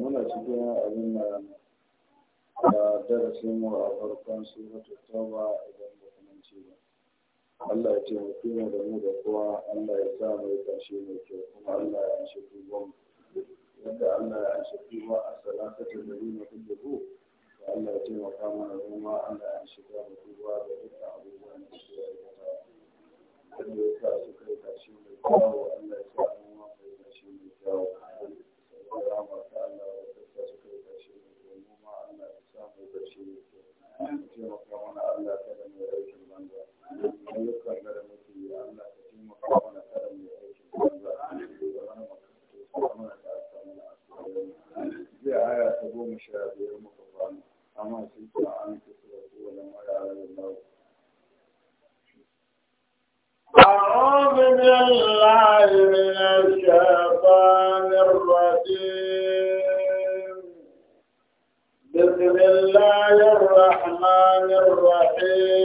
Muna cikin abin da da darasin mu a farkon suratul tauba idan ba kuma ci ba Allah ya taimake mu da mu da kowa Allah ya sa mu kashe mai kyau kuma Allah ya anshi tuban yadda Allah ya anshi tuba a salatatul ladina kullu Allah ya taimaka mana kuma Allah ya anshi tuba da tuba da dukkan abubuwan da suke aikata wanda ya sa su kai kashi mai kyau Allah ya sa mu kai kashe mai kyau taimaka mana Allah kada da muke ka aya ta goma sha muka أعوذ بالله من الشيطان الرجيم بسم الله الرحمن الرحيم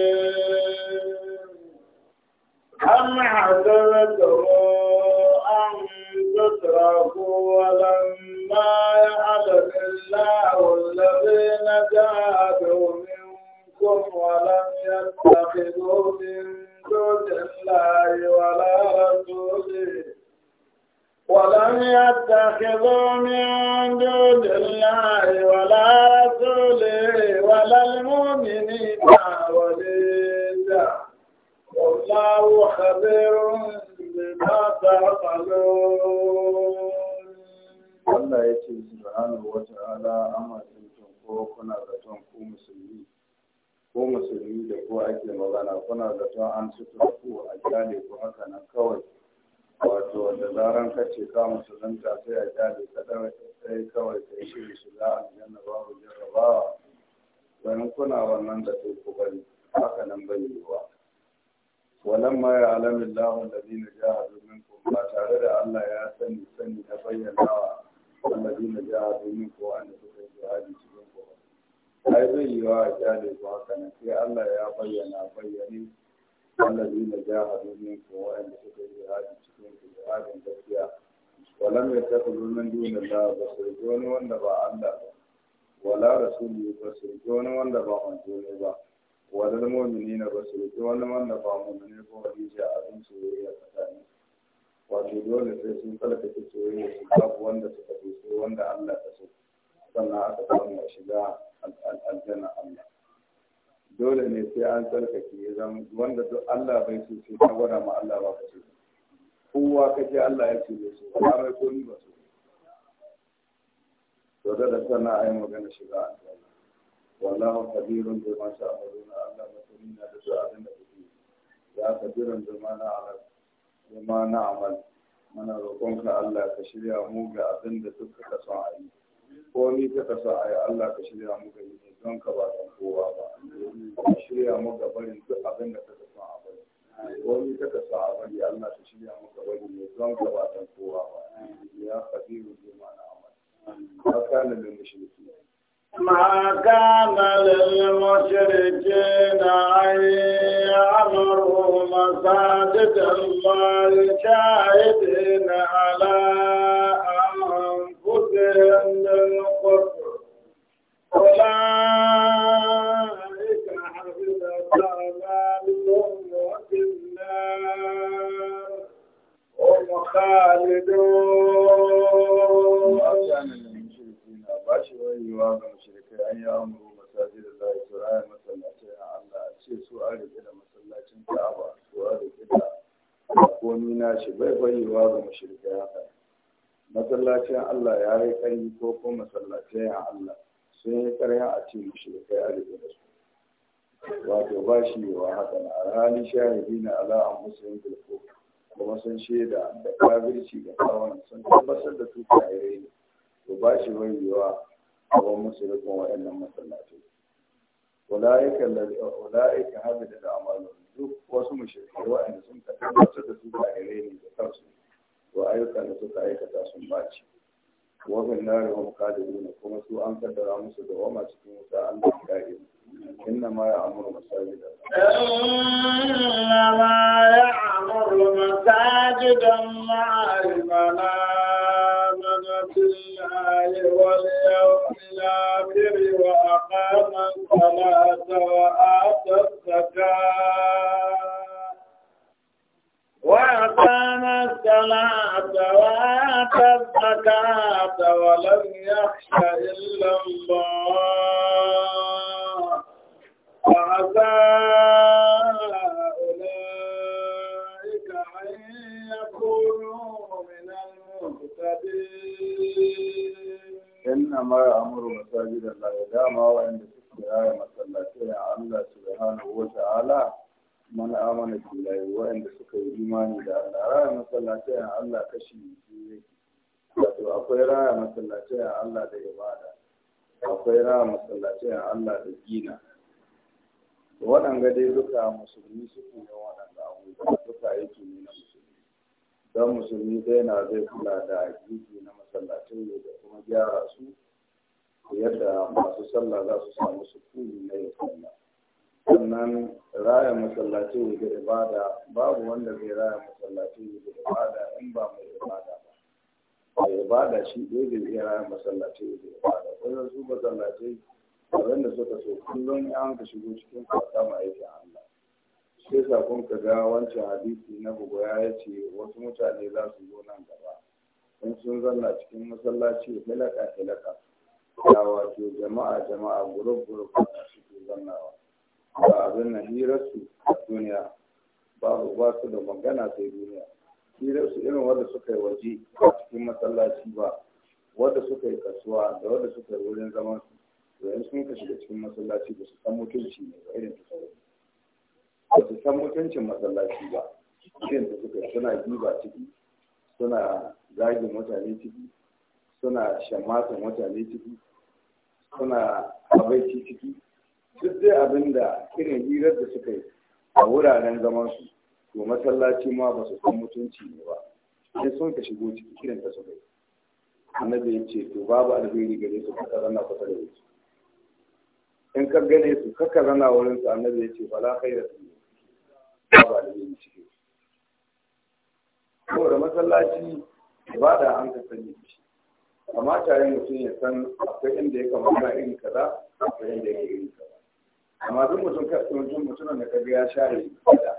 أم حسبته أن تتركوا ولما يعلم الله الذين جاهدوا منكم ولم يتخذوا من دون الله ولا رسوله ولم يتخذوا من دون الله ولا رسوله ولا المؤمنين وليدا والله خبير بما تعملون Allah ya ce subhanahu wa ta'ala amma tuntun ko kuna zaton ku musulmi ko musulmi da ko ake magana kuna zaton an sutura ku a kyale ku haka kawai wato da zaran ka ce ka musulunta sai a jade ka dawa sai kawai ka yi shiri shiga aljanna babu jarrabawa bayan kuna wannan da sai ku bari haka nan bai yiwuwa Wannan ma ya alamin lahun da zina jahadu ku ba tare da Allah ya sani sani bayyana wa na bayyanawa wallazina jahadu minkum wa'anda suka yi jihadi cikin ku ai bai yiwuwa a jade ku haka nan sai Allah ya bayyana bayyane الذين جاهدوا منكم وان تكفروا هذه cikin jihadin gaskiya walam yattakhidhu min duni Allah basirjon wanda ba Allah ba wala rasuli basirjon wanda ba manzo ne ba wala mu'minina basirjon wanda ba mu'mini ko hadisi a wato dole sai sun ta soyayya su babu wanda suka fi wanda Allah ta so sannan aka samu shiga aljanna Allah dole ne sai an tsarkake zan wanda duk Allah bai so sai ka gwada ma Allah ba ka so kowa ka ji Allah ya ce bai so ba mai komi ba so to da da sana a magana shiga a aljanna wallahu kabirun bi ma sha'aluna Allah mutumina da su abin da kuke ya kabirun bi ma na'amal bi ma na'amal mana roƙonka Allah ka shirya mu ga abin da duka ka son a yi komi ka kasa a yi Allah ka shirya mu ga yi don ka ba don kowa ba ka shirya mu ga barin duk abin da ka kasa a bari komi ka kasa a bari Allah ka shirya mu ga bari ne don ka ba don kowa ba ya kabiru bi mana amal ka kana da mushriki ما كان للمشركين أن يعمروا مساجد الله شاهدين Allah ya yi ƙari ko ko masallatai a Allah sun yi ƙarya a ce mushi da kai arziki da su wato ba shi wa haka na alhali shahidi na ala a musulun bilko kuma sun shaida da kafirci da kawon sun tabbasar da su yi ne to ba shi wayewa a wani musulun waɗannan masallace. Wala'ika haɗu da amalu duk wasu mashirkai waɗanda sun tabbatar da su yi ne da kansu wa ayyukan da suka aikata sun bace wafin nari wa mukadimuna kuma su an kaddara musu da wama cikin wuta an da kare inna ma ya amuru masajida inna ma ya amuru masajidan ma'al manamana billahi wal yawmil akhir wa aqama as-salata wa ata az-zakata wa aqama as-salata الزكاة ولم يخش إلا الله فعسى أولئك أن يكونوا من المهتدين إنما يأمر مساجد الله دام وإن تسبح مسلاتين الله سبحانه وتعالى من آمن بالله wa'anda suka إيمان الله da Allah الله masallatai wato akwai raya masallacin a Allah da ibada akwai raya masallacin a Allah da gina waɗanga dai duka musulmi suke yin waɗanda abubuwa duka aiki ne na musulmi don musulmi dai na zai kula da gini na masallacin ne da kuma gyara su yadda masu sallah za su samu sukuni na yin sallah sannan raya masallaci da ibada babu wanda zai raya masallaci da ibada in ba mai ibada mai ibada shi ɗaya bai iya masallaci da ibada wajen su masallaci abin da suka so kullum ya hanka shigo cikin kwata ma a Allah sai sakon ka ga wancan hadisi na bugoya ya ce wasu mutane za su zo nan gaba in sun zanna cikin masallaci filaka-filaka. ya wato jama'a jama'a gurub gurub da suke zannawa ba abin na hirarsu a duniya babu ba su da magana sai duniya hirar su irin wanda suka yi waje a cikin masallaci ba wanda suka yi kasuwa da wanda suka yi wurin zaman su to sun ka shiga cikin masallaci ba su san mutunci ne ba irin ba su san mutuncin masallaci ba irin da suka suna giba ciki suna zagin mutane ciki suna shamatan mutane ciki suna abaici ciki duk dai abin da irin hirar da suka yi a wuraren zaman su to masallaci ma ba su san mutunci ne ba sai sun ka shigo ciki kiran da suka yi annabi ya ce to babu alheri gare su kaka zana kusa da su in ka gane su ka zana wurin su annabi ya ce fala khaira su babu alheri ciki da masallaci ba da an ka sani shi amma tare mutum ya san akwai inda ya kamata irin kaza akwai inda ya ke irin kaza amma duk mutum mutum mutumin da kaga ya share da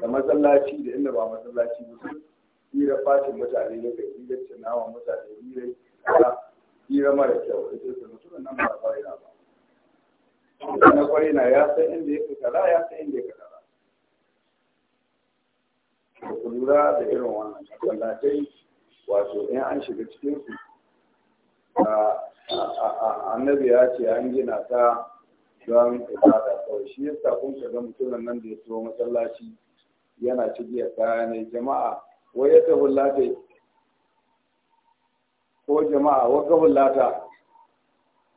da masallaci da inda ba masallaci ba su hira fatin mutane da kai hira cinawa mutane hira hira mara kyau da ke da mutum nan ba ba na ba na kwari na ya san inda ya kaza ya san inda ya kaza ku lura da irin wannan masallatai wato in an shiga cikin su annabi ya ce an gina ta don ibada kawai shi yasa kun ga mutumin nan da ya tuwo masallaci yana cikin kaya jama'a wai ya hulata, ko jama'a wa hulata,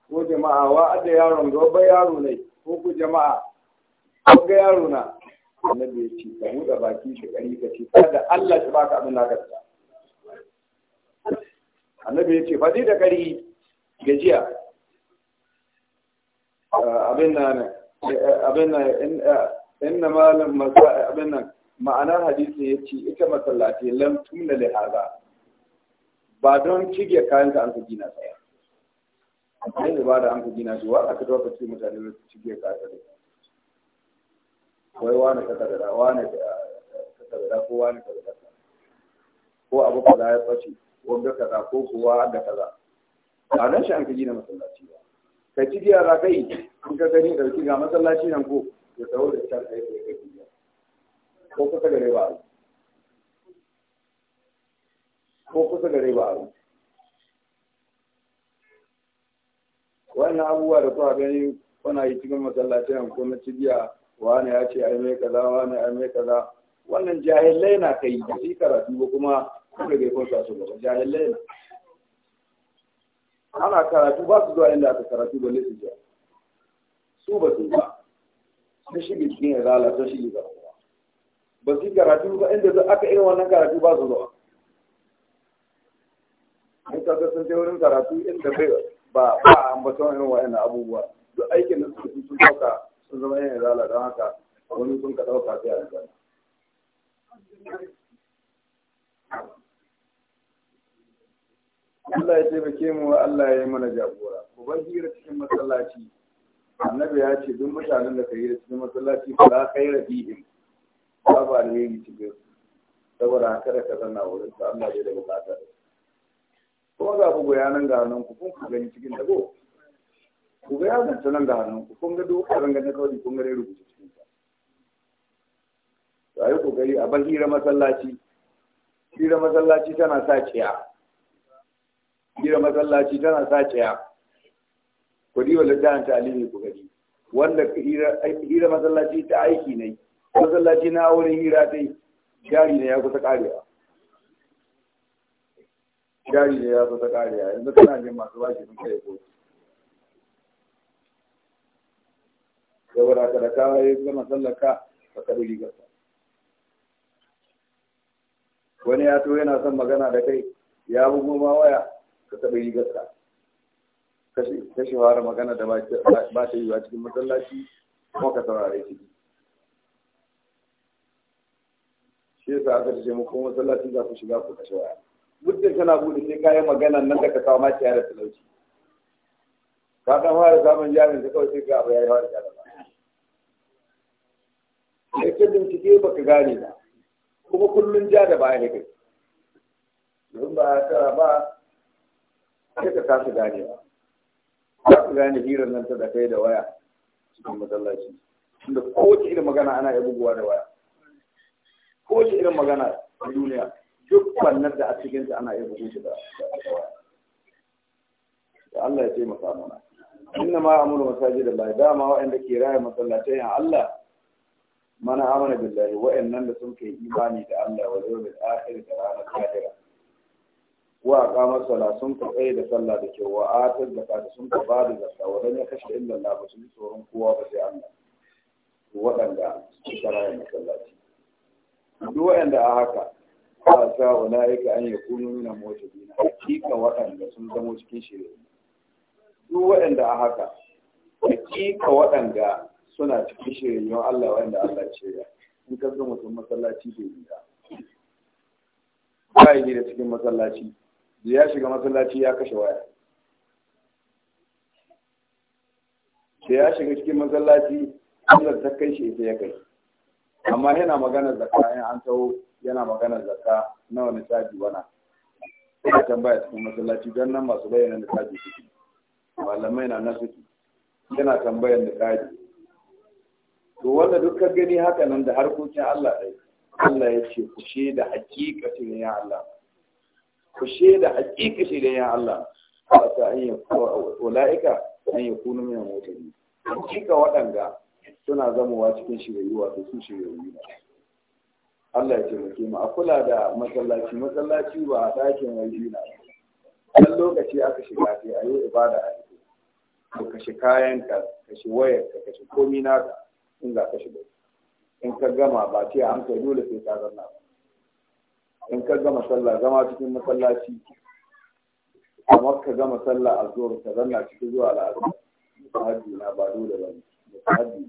ko jama'a wa ada yaron gaba yaro ne ko ku jama'a ko ga yaro na annabi ya ce ka buɗe baki shi ƙari ka ce da Allah shi baka abin naka annabi ya ce faɗi da ƙari gajiya abin nan abin nan eh, inna malam abin nan ma'anar hadisi ya ce ita masallaci lam tuna da haza ba don cige kayan ka an ka gina tsaya ne ba da an ka gina shi wa aka dauka ce mutane da cige kayan ka wai wani ka kadara wani ka kadara ko wani ka kadara ko abu da ya fashe wanda kaza ko kuwa da kaza ba nan shi an ka gina masallaci ba ka cige yara kai in ka gani dauki ga masallaci nan ko ya tsawo da can kai kai kai ko kusa gare ba a yi ko kusa gare ba a yi wannan abubuwa da kuka gani kuna yi cikin masallacin ko na cibiya wani ya ce ai mai kaza wani ai mai kaza wannan jahilai na kai da shi karatu ko kuma kuma bai kwanta su ba jahilai na ana karatu ba su zuwa inda aka karatu ba lissi su ba su ba sun shige cikin izala sun shige gaba ba su yi karatu ba inda aka irin wannan karatu ba su zuwa in ka sun je karatu inda bai ba ba a ambaton irin wa'annan abubuwa duk aikin da suka sun dauka sun zama yin izala don haka wani sun ka dauka sai a izala Allah ya taimake mu Allah ya yi mana jagora ku bar hira cikin masallaci annabi ya ce duk mutanen da ka yi da cikin masallaci ba ka babu alheri cikin saboda haka da kasar na wurin su amma bai da bukata kuma ga ku goya nan ga hannun ku kun gani cikin dago ku ga yaran ta nan ga hannun ku kun ga dokarin ga na kawai kun ga rubutu cikin sa to ayi kokari a ban hira masallaci hira masallaci tana sa ciya hira masallaci tana sa ciya ku diwa da ta alimi ku gari wanda hira masallaci ta aiki ne masallaci na wurin hira dai jari ne ya kusa karewa jari ne ya kusa karewa yanzu kana jin masu bashi sun kai ko saboda ka da ka yi masallaka sallaka ka kaɗu rigarsa wani ya to yana son magana da kai ya bugu ma waya ka taɓa ka, gaska kashe fara magana da ba ta yi wa cikin masallaci kuma ka saurare shi shi yasa aka ce mu kuma masallaci za ku shiga ku kashe waya muddin kana gudu sai kayan magana nan da ka kawo maki yara talauci ka dan fara samun jarin ka kawai sai ka abu ya yi fara jarin ba sai ka bincike ka gane ba kuma kullum ja da baya ne kai don ba ta ba sai ka kasa gane ba za ku gane hirar nan ta da kai da waya cikin masallaci tunda kowace irin magana ana iya buguwa da waya ko shi irin magana a duniya duk wannan da a cikin ta ana iya shi da da Allah ya taimaka mana inna ma amuru masajid Allah dama wanda ke raya masallatai ya Allah mana amana billahi waɗannan da sun kai imani da Allah wa yawmil akhir da ranar lahira wa aqama sala sun ka tsaye da sallah da kyau wa atar da sun ka ba da zakka wa ya kashe illa Allah ba su tsoron kowa ba sai Allah waɗanda suka raya masallaci duk waɗanda a haka ba sa ula'ika an yakunu min al-muhtadin hakika waɗanda sun zama cikin shirye duk waɗanda a haka hakika waɗanda suna cikin shirye Allah waɗanda Allah ce ya in ka zo mutum masallaci bai gida ba yi da cikin masallaci da ya shiga masallaci ya kashe waya da ya shiga cikin masallaci Allah ta kai shi ita ya kai amma yana magana zakka in an tawo yana magana zakka na wani caji wana ina tambaya cikin masallaci don nan masu bayyana da caji suke malamai na na suke yana tambayar da caji to wanda duk gani haka nan da harkokin Allah ɗai Allah ya ce ku da ne ya Allah ku da ne ya Allah ba ta an yi ula'ika an yi kunu mai mutane hakika waɗanda suna zamowa cikin shirayi wato su shirayu Allah ya ce mu a kula da masallaci masallaci ba a ɗakin waje na ɗan lokaci aka shiga sai a yi ibada a ciki ka kashe kayan ka shi wayar ka shi komi ka in za ka shiga in ka gama ba ce an kai dole sai ka zanna in ka gama sallah zama cikin masallaci kamar ka gama sallah a zuwa ka zanna cikin zuwa al'adu na ba dole ba ne musahabi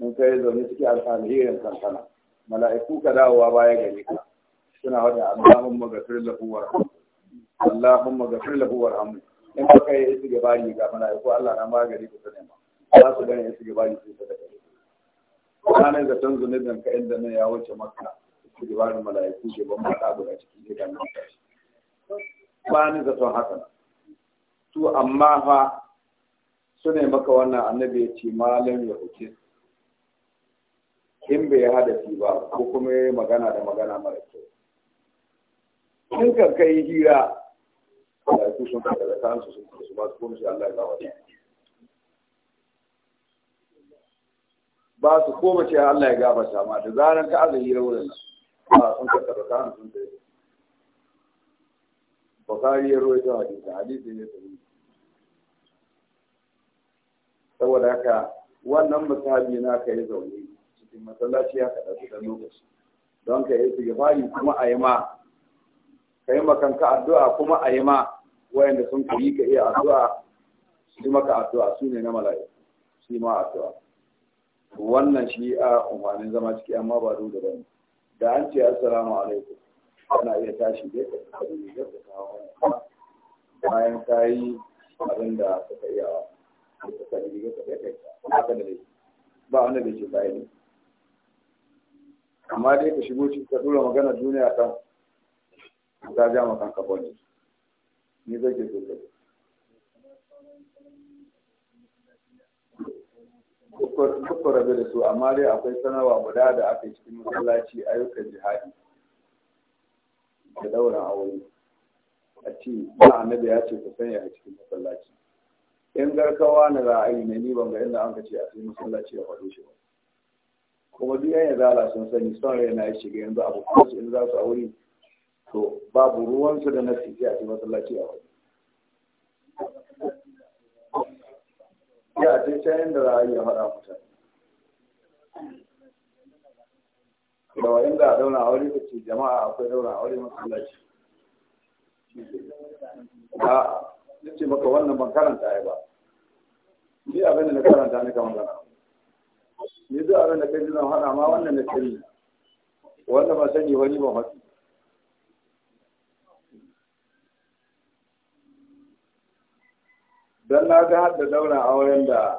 in kai zaune cikin alherin kankana mala'iku ka dawowa baya gare ka suna wadda Allahumma gafir lahu warhamhu Allahumma gafir lahu warhamhu in ka kai isi gabari ga mala'iku Allah na magani ku sanin ma za su gani isi gabari su ta daga ranar da tun zunubin ka inda nan ya wuce makka isi gabarin mala'iku ke ban mata guda cikin gidan nan ba ni zaton haka su amma fa su ne maka wannan annabi ya ce malam ya uke in bai hadafi ba ko kuma ya magana da magana mara kyau in ka kai hira da su sun kada da kansu sun faɗa su ba su kuma shi Allah ya ba ba su koma ce Allah ya gabata ma da zaran ka aza hira wurin nan ba sun kada da kansu sun faɗa Bukhari ya rawaito hadisi hadisi ne saboda haka wannan misali na ka yi zaune cikin masallaci ya kaɗa su ɗan lokaci don ka yi sigifari kuma a yi ma ka yi makanka addu'a kuma a yi ma wayanda sun yi ka iya addu'a su maka addu'a su ne na mala'iku shi ma addu'a wannan shi a umarnin zama ciki amma ba da ba da an ce assalamu alaikum ana iya tashi da ka kawo bayan ta yi abin da suka iya wa ka da riga da laifi ba wanda bai ce ka yi amma dai ka shigo ciki ka dora magana duniya kan ka ja ma kanka bane ni zai ke so ka duk rabe da su amma dai akwai sanarwa guda da aka yi cikin masallaci ayyukan jihadi da daura aure a ce ba annabi ya ce ku sanya a cikin masallaci in garkawa na ra'ayi na ne ni ban ga inda an ka a sai masallaci ya faɗo shi ba kuma duk da zala sun sani son rai na shi shiga yanzu abu su in za su aure to babu ruwansu da nasi sai a sai masallaci ya faɗo ya ce ta inda ra'ayi ya faɗa kusa. da wa'in da a dauna aure ka ce jama'a akwai dauna aure masallaci na ce maka wannan ban karanta ya ba ni abin da na karanta ne kamar gana ni duk abin da kai zan hana ma wannan na sani wannan ba sani wani ba hatsi don na ga hadda daura auren da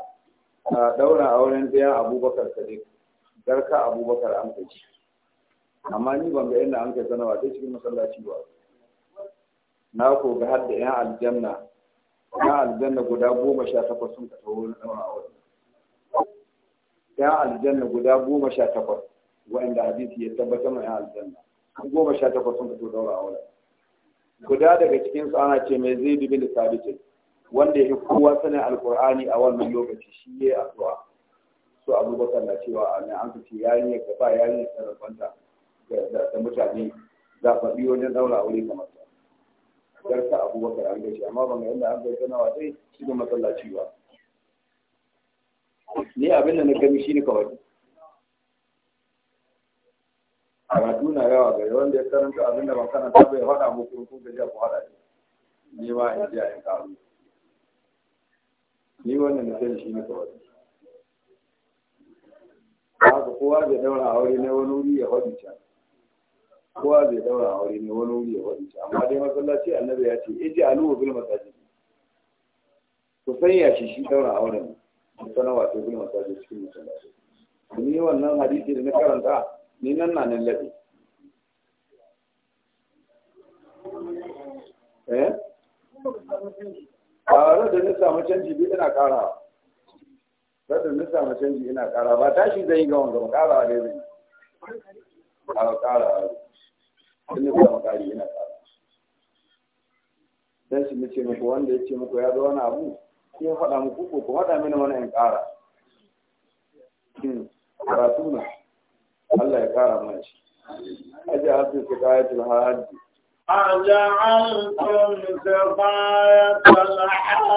daura auren ɗaya abubakar sadiq garka abubakar an kai amma ni ban ga inda an kai sanarwa sai cikin masallaci ba na ko ga hadda yan aljanna ya aljanna guda goma sha takwas sun kasa na ɗaura aure ya aljanna guda goma sha takwas wa'anda hadisi ya tabbatar ma ya aljanna goma sha takwas sun kasa ɗaura aure guda daga cikin su ana ce mai zai bin sabitin wanda ya fi kowa sani alkur'ani a wannan lokaci shi ya yi addu'a so abubakar na cewa a nan an ce yayin ya gaba yayin ya sarrafanta da mutane za faɗi wajen ɗaura aure kamar ta abu bakar an gaishe amma ban ga yadda an bai sanawa wasai shi da masallaci ba ni abin da na gani shi ne kawai karatu na yawa ga wanda ya karanta abin da ban karanta bai faɗa muku kuma ga ku faɗa ne ni ma in ji a yin karu ni wannan na gani shi ne kawai haka kowa da daura aure na wani wuri ya faɗi can kowa zai daura aure ne wani wuri ya wadi amma dai masallaci annabi ya ce iji aluhu bil masajid ku sanya shi shi daura auren sana wato bil masajid cikin masallaci ni wannan hadisi da na karanta ni nan na nan labi eh a da na samu canji bi ina karawa sadda na samu canji ina kara ba tashi zai yi ga wanda ba kara dai zai kara kara sun yi samu ƙari yana ƙara dan shi nace muku wanda ya ce muku ya ga wani abu ko ya faɗa muku ko kuma faɗa mini wani in kara, hmm, karatu na Allah ya ƙara mana shi aje asu su kayatul hajji أجعلتم سقاية الحج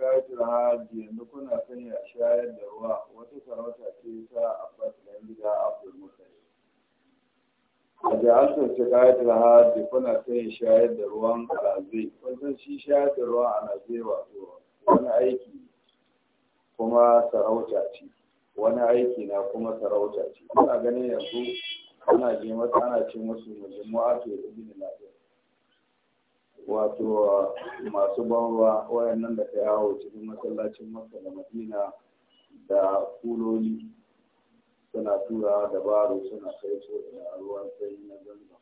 sikayatul hajji yanzu kuna sani a shayar da ruwa wata sarauta ce ta abbas dan gida abdul mutalib a ja'alta sikayatul hajji kuna sani shayar da ruwan alazai kun shi shayar da ruwan alazai wato wani aiki kuma sarauta ce wani aiki na kuma sarauta ce kuna ganin yanzu ana je mata ana ce musu mujimu'atu ibn lafiya wato masu banwa wayannan da ta yawo cikin masallacin makka da madina da kuloli suna tura da baro suna kai so da ruwan sai na zanzan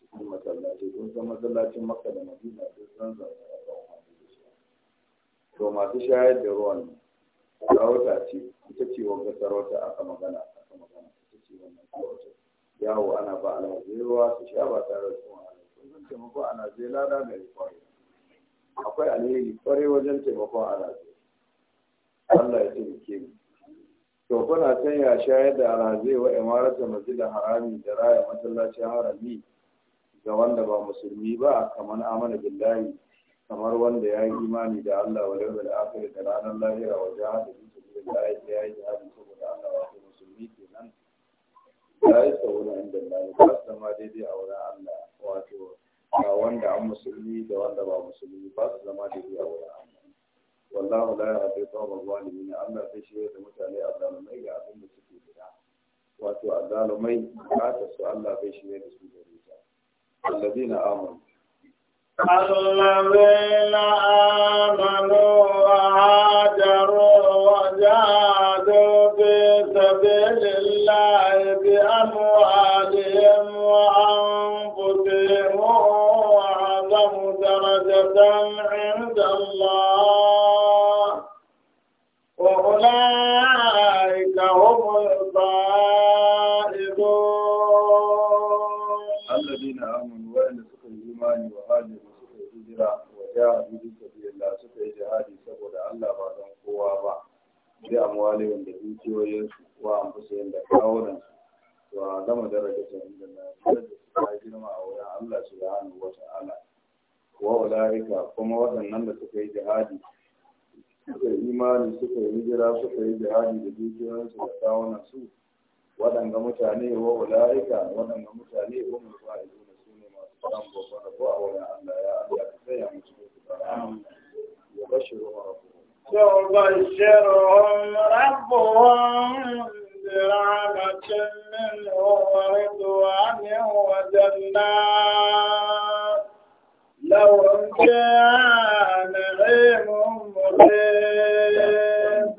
cikin masallaci kun san masallacin makka da madina duk zanzan da ya kawo masu to masu shayar da ruwan sarauta ce ita ce wanda sarauta aka magana aka magana ita ce wannan sarauta yawo ana ba alhaji ruwa su sha ba tare da taimako a nace lada da kwarai akwai alheri kwarai wajen taimako a nace Allah ya taimake mu to kuna san ya shayar da araze wa imaratar da harami da raya masallacin harami ga wanda ba musulmi ba kamar amana billahi kamar wanda ya yi imani da Allah wa yawmil akhir da ranar lahira wa jihad da sabilillahi da ya yi jihad saboda Allah wa musulmi kenan ya yi sauran inda Allah ba su zama daidai a wurin Allah wato ga wanda an musulmi da wanda ba musulmi ba su zama da biya wa wallahu la yahdi qawma zalimin Allah sai shi da mutane azzalumai ga abin da suke gida wato azzalumai ba ta su Allah bai shi da su gari ta alladina amanu الذين Allah ba don kowa ba bi amwalihim da su wa anfusihim da kawunan su wa gama daraja ta inda na daraja su ta girma a wurin Allah subhanahu wa ta'ala wa ulaika kuma waɗannan da suka yi jihadi suka imani suka yi hijira suka yi jihadi da su da kawunan su waɗanga mutane wa ulaika waɗanga mutane umar ba su ne masu samun babban rabo a wurin Allah ya Allah ka tsaya mu cikin su ba ya bashiru wa rabu يبشرهم ربهم برحمة منه ورضوان وجنات لهم فيها نعيم مقيم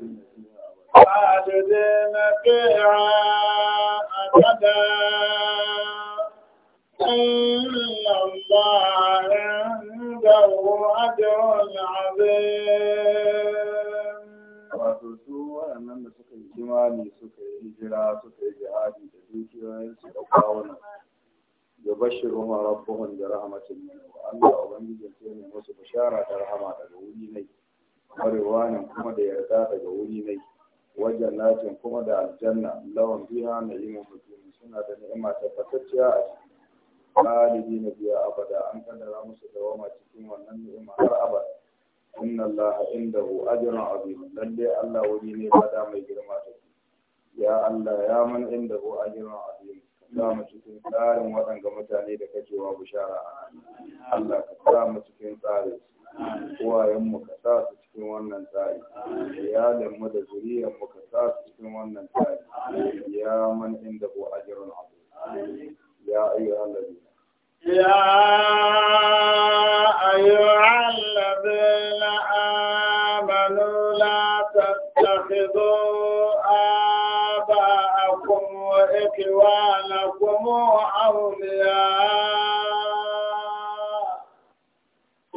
خالدين فيها أبدا له أجر عظيم wato su waɗannan da suka yi imani suka yi hijira suka yi jihadi da dukiyoyinsu da kawunan ya bashi ruwan rabbuhun da rahmatin min Allah ubangijin sai ne musu bishara da rahama daga wuri nai kwarewa ne kuma da yarda daga wuri nai wajen latin kuma da aljanna lawan biya na yi mafi suna da ni'ima tabbatacciya a ciki khalidi na biya abada an kaddara musu dawama cikin wannan ni'ima har abada inna allaha indahu ajrun azim lalle allah wuri ne bada mai girma da ya allah ya man indahu ajrun azim ka mu cikin tsarin waɗanga mutane da kacewa bishara allah ka sa mu cikin tsarin mu ka sa su cikin wannan tsari iyalinmu da mu ka sa su cikin wannan tsari ya man inda ko ajirun abu ya ayyuhal ladina يا أيها الذين آمنوا لا تتخذوا آباءكم وإخوانكم أولياء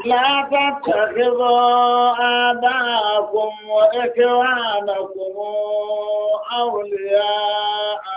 لا تتخذوا آباءكم وإخوانكم أولياء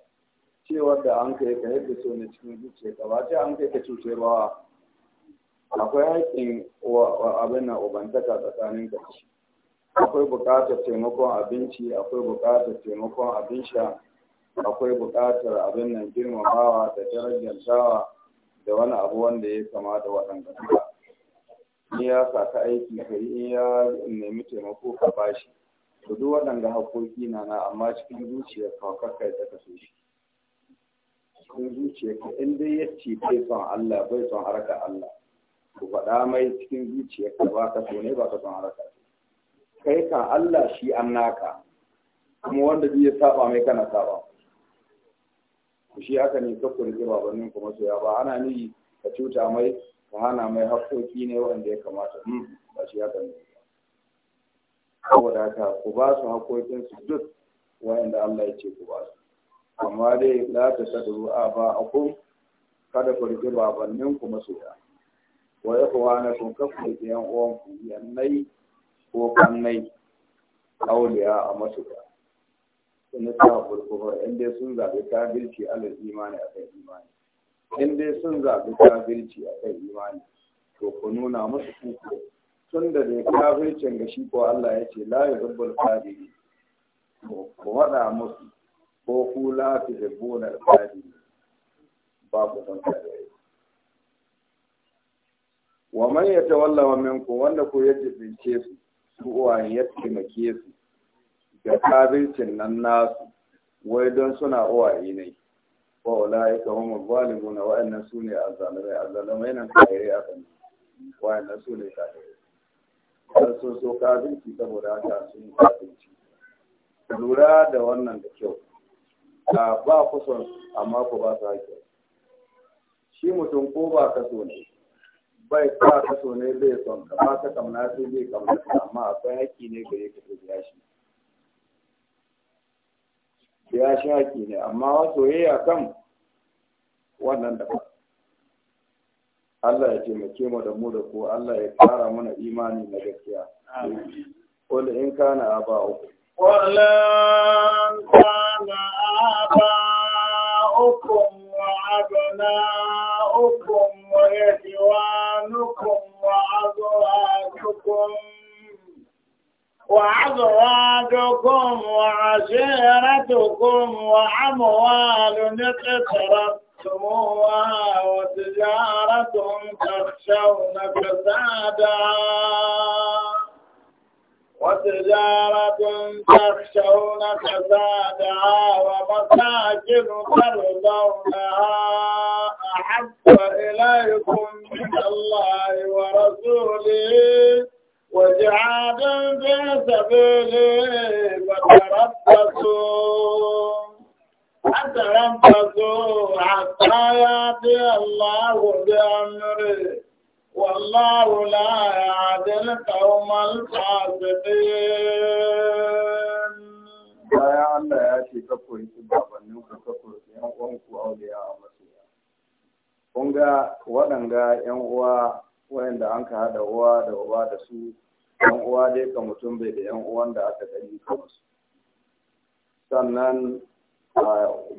cewar da an kai ka yadda so ne cikin zuciya ka ba ce an kai ka cuce ba akwai haƙƙin abin na ubantaka tsakanin ka akwai buƙatar taimakon abinci akwai buƙatar taimakon abin sha akwai buƙatar abin nan girmamawa da darajantawa da wani abu wanda ya kama da waɗanda suka ni ya sa ka aiki ka yi in ya nemi taimako ka bashi to duk waɗanda haƙoƙi na na amma cikin zuciyar kawai kai ta kashe shi cikin zuciyarka in dai ya ce bai son Allah bai son harkar Allah ku faɗa mai cikin zuciyarka ba ka so ne ba ka son harkar kai kan Allah shi an naka kuma wanda zai ya saba mai kana saba ku shi haka ne ka ku rike babannin kuma so ya ba ana ni ka cuta mai ka hana mai haƙƙoƙi ne wanda ya kamata hmm, ba shi haka ne saboda haka ku ba su haƙƙoƙinsu duk wa'anda Allah ya ce ku ba su amma dai la ta ba ba kun. kada ku rike babannin ku masoya wa ikhwanakum kafu da yan uwan ku yannai ko kannai auliya a masoya sun ta burbuwa in dai sun zabi kafirci alal imani a kai imani in dai sun zabi kafirci kai imani to ku nuna musu kuku tun da dai kafircin ga shi ko Allah ya ce la yuhibbul kafirin ko wada musu ko kula ta hibbuna alfadi ba ku san kare wa man min ku wanda ku yadda zince su su uwaye ya taimake su Da kabincin nan nasu wai don suna uwaye ne wa ulai ka mu zalimun wa anna sunni azzalimai azzalimai nan kare a kan wa anna sunni kare har sun so kabinci saboda haka sun kabinci lura da wannan da kyau ba ku son amma ku ba su haƙƙi shi mutum ko ba ka so ne bai ba ka so ne zai son ka ba ka kamna sai zai kamna amma akwai haƙƙi ne gare ka zai biya shi biya shi haƙƙi ne amma soyayya kan wannan da ba Allah ya taimake mu da mu da ko Allah ya ƙara mana imani na gaskiya. Amin. Qul in kana aba'ukum. Qul in kana آباؤكم وأبناؤكم وإخوانكم وأزواجكم وأزواجكم وعشيرتكم وأموال اقترفتموها وتجارة تخشون كسادا وتجارة تخشون فسادها ومساجد ترضونها أحب إليكم من الله ورسوله وجعاد في سبيله فتربصوا فتربصوا حتى يأتي الله بأمره والله لا يعدل قوم الفاسقين bayan Allah ya ce ka koyi su babannin ku yan uwan ku a waɗanga yan uwa wayanda an ka hada uwa da uba da su yan uwa dai ka mutum bai da yan da aka sannan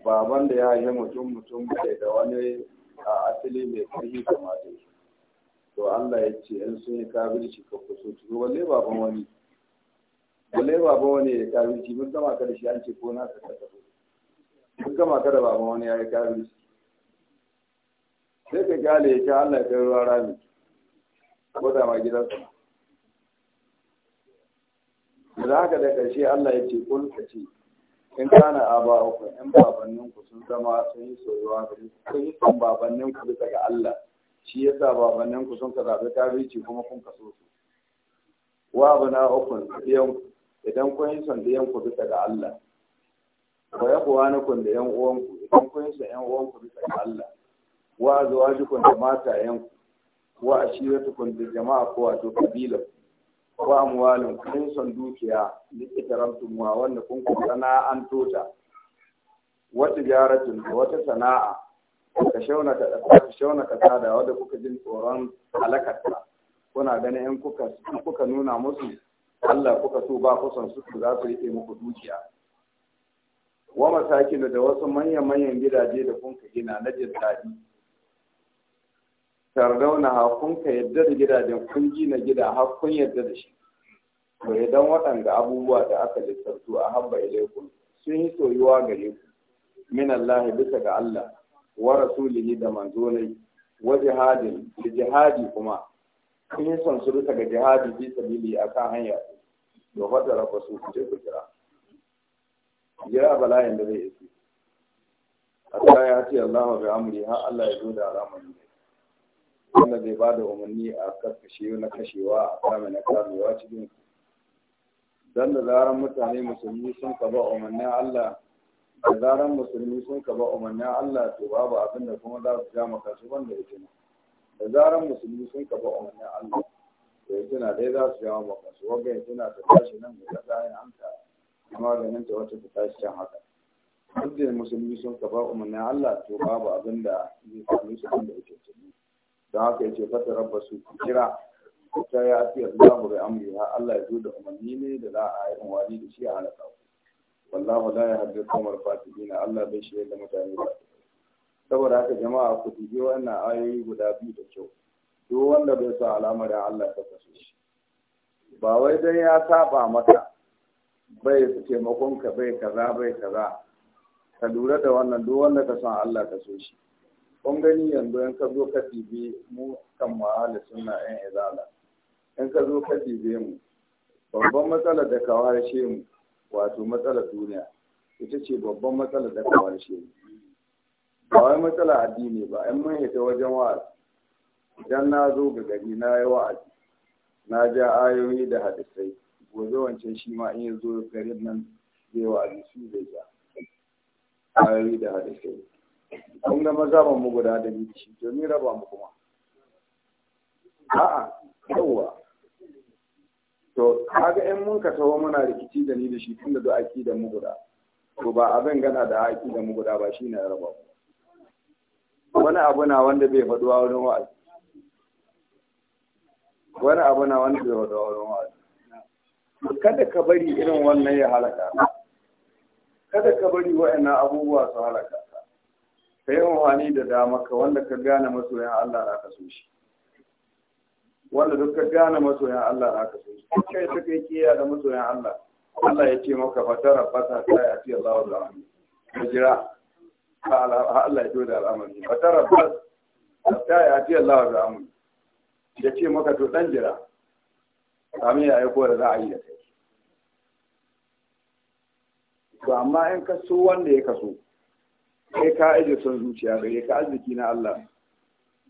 baban da ya yi mutum mutum bai da wani a asali mai karfi kamar su to Allah ya ce in sun yi kafirci ka kuso to balle baban wani balle baban wani ya kafirci mun gama ka da shi an ce ko na ka ka mun gama ka da baban wani ya yi kafirci sai ka gale ya ce Allah ya kai ruwa rami ko da ma gidansa da haka da ƙarshe Allah ya ce kun ka ce in kana aba uku in babanninku sun zama sun yi soyuwa gari sun yi son babannin bisa ga Allah shi ya sa babannin ku sun ka zaɓi kafirci kuma kun kaso su wa bana na ɗiyan idan kun yi son ɗiyan ku bisa ga Allah wa ya kuwa na kun da ƴan uwanku idan kun yi son ƴan uwanku bisa ga Allah wa a zuwa zuwajikun da matayen ku wa kun da jama'a ko wato kabila wa amwalin kun son dukiya likitaramtum wa wanda kun kun sana'antota Wata tijaratun da wata sana'a ka shauna ka ka shauna wanda kuka jin tsoron halakarta kuna ganin in kuka nuna musu Allah kuka so ba ku san su za su yi muku dukiya wa masakin da wasu manyan manyan gidaje da kun ka gina na jin daɗi tardauna ha kun ka yadda da gidajen kun gina gida har kun yadda da shi to idan waɗanda abubuwa da aka lissafto a habba ilaikum sun yi soyuwa gare ku min Allah bisa ga Allah wa rasulihi da manzonai wa jihadin da jihadi kuma kun yi son su ga jihadi bi sabili akan hanya da fata rafa su ku ku kira jira bala'in da zai isi hatta ya ce Allah bi amri har Allah ya zo da al'amari wanda zai ba da umarni a karkashe na kashewa a kame na kamewa cikin dan da zaran mutane musulmi sun kaba umarnin Allah da zaran musulmi sun kaba umarnin Allah to babu abin da kuma za su ja maka su wanda ya tuna da zaran musulmi sun kaba umarnin Allah to ya tuna dai za su ja maka su wanda ya tuna ta tashi nan da kasa ya amsa maganin ta wata ta tashi can haka duk da musulmi sun kaba umarnin Allah to babu abin da zai sami su wanda ya tuna don haka ya ce fata rabba su kira ta ya fi Allah bai amri ha Allah ya zo da umarni ne da za a yi umarni da shi a halaka ku wallahu la yahdi qawmal na Allah bai shirya da mutane ba saboda haka jama'a ku dubi wannan ayoyi guda biyu da kyau duk wanda bai so da Allah ta fashe shi ba wai dan ya saba maka bai taimakon ka bai kaza bai kaza ka lura da wannan duk wanda ka san Allah ka so shi kun gani yanzu in ka zo ka dibe mu kan ma'ala suna yan izala in ka zo ka dibe mu babban matsalar da ka shi mu wato matsalar duniya ita ce babban matsalar da kawar shi ba wai matsalar addini ba in mun hita wajen wa'azi idan na zo ga gari na yi wa'azi na ja ayoyi da hadisai gobe wancan shi ma in ya zo garin nan zai wa'azi su zai ja ayoyi da hadisai kun ga maza ban mu guda da ni domin raba mu kuma a'a yawwa to kaga in mun ka taho muna rikici da ni da shi tunda da aki da mu guda to ba abin gana da aki da mu guda ba shine ya raba wani abu na wanda bai a wurin wa'azi wani abu na wanda bai a wurin wa'azi kada ka bari irin wannan ya halaka kada ka bari wa'annan abubuwa su halaka ka yi wani da dama ka wanda ka gane masoyan Allah na ka so shi wanda duk ka gane masoyan Allah za ka ko kai ta kai kiyaye da masoyan Allah Allah ya ce maka tara fa ta ya fi Allah da rahmi ka jira Allah ya ce da al'amari tara fa ta ya fi Allah da rahmi ya ce maka to dan jira kamin ya aiko da za a yi da kai to amma in ka so wanda ya kaso kai ka aje son zuciya gare ka arziki na Allah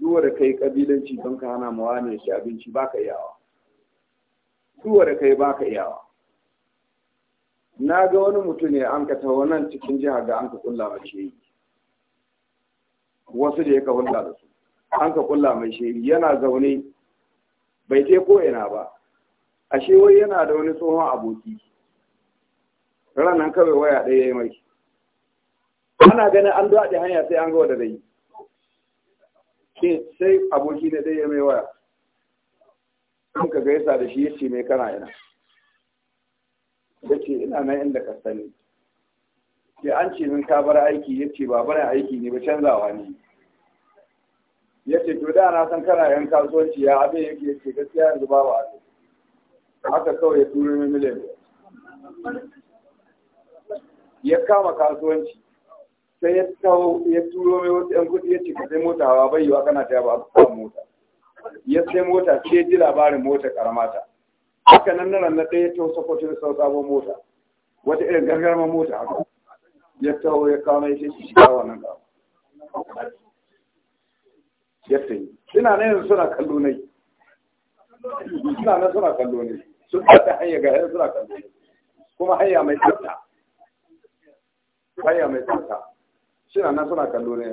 duwa da kai kabilanci don ka hana mawa ne shi abinci ba ka iyawa duwa da kai ba ka iyawa na ga wani mutum ne an ka tawo nan cikin jiha ga an ka kulla mai shehi wasu da ya ka kulla da su an ka kulla mai shehi yana zaune bai je ko ina ba ashe wai yana da wani tsohon aboki ranar kawai waya ɗaya ya yi mai ana ganin an daɗe hanya sai an ga wadda da yi sai aboki na ɗaya mai waya kun ka gaisa da shi ya ce mai kana ina ya ce ina nan inda ka sani ya an ce min ka bar aiki ya ce ba aiki ne ba canzawa ne ya ce to da na san kana yan kasuwanci ya abin yake ya ce gaskiya yanzu wa abin haka kawai ya turo min miliyan ya kama kasuwanci sai ya kawo ya turo mai wasu yan kudi ya ce ka sai mota ba bai yiwa kana ta yaba a mota ya sai mota ce ji labarin mota karamata haka nan nan na ɗaya ta wasu da sau sabon mota wata irin gargarmar mota haka ya taho ya kawo mai shi shiga wannan gawa ya tayi suna nan suna kallo ne suna nan suna kallo ne sun ta hanya ga yanzu suna kallo kuma hanya mai tsafta hanya mai tsafta suna nan suna kallo ne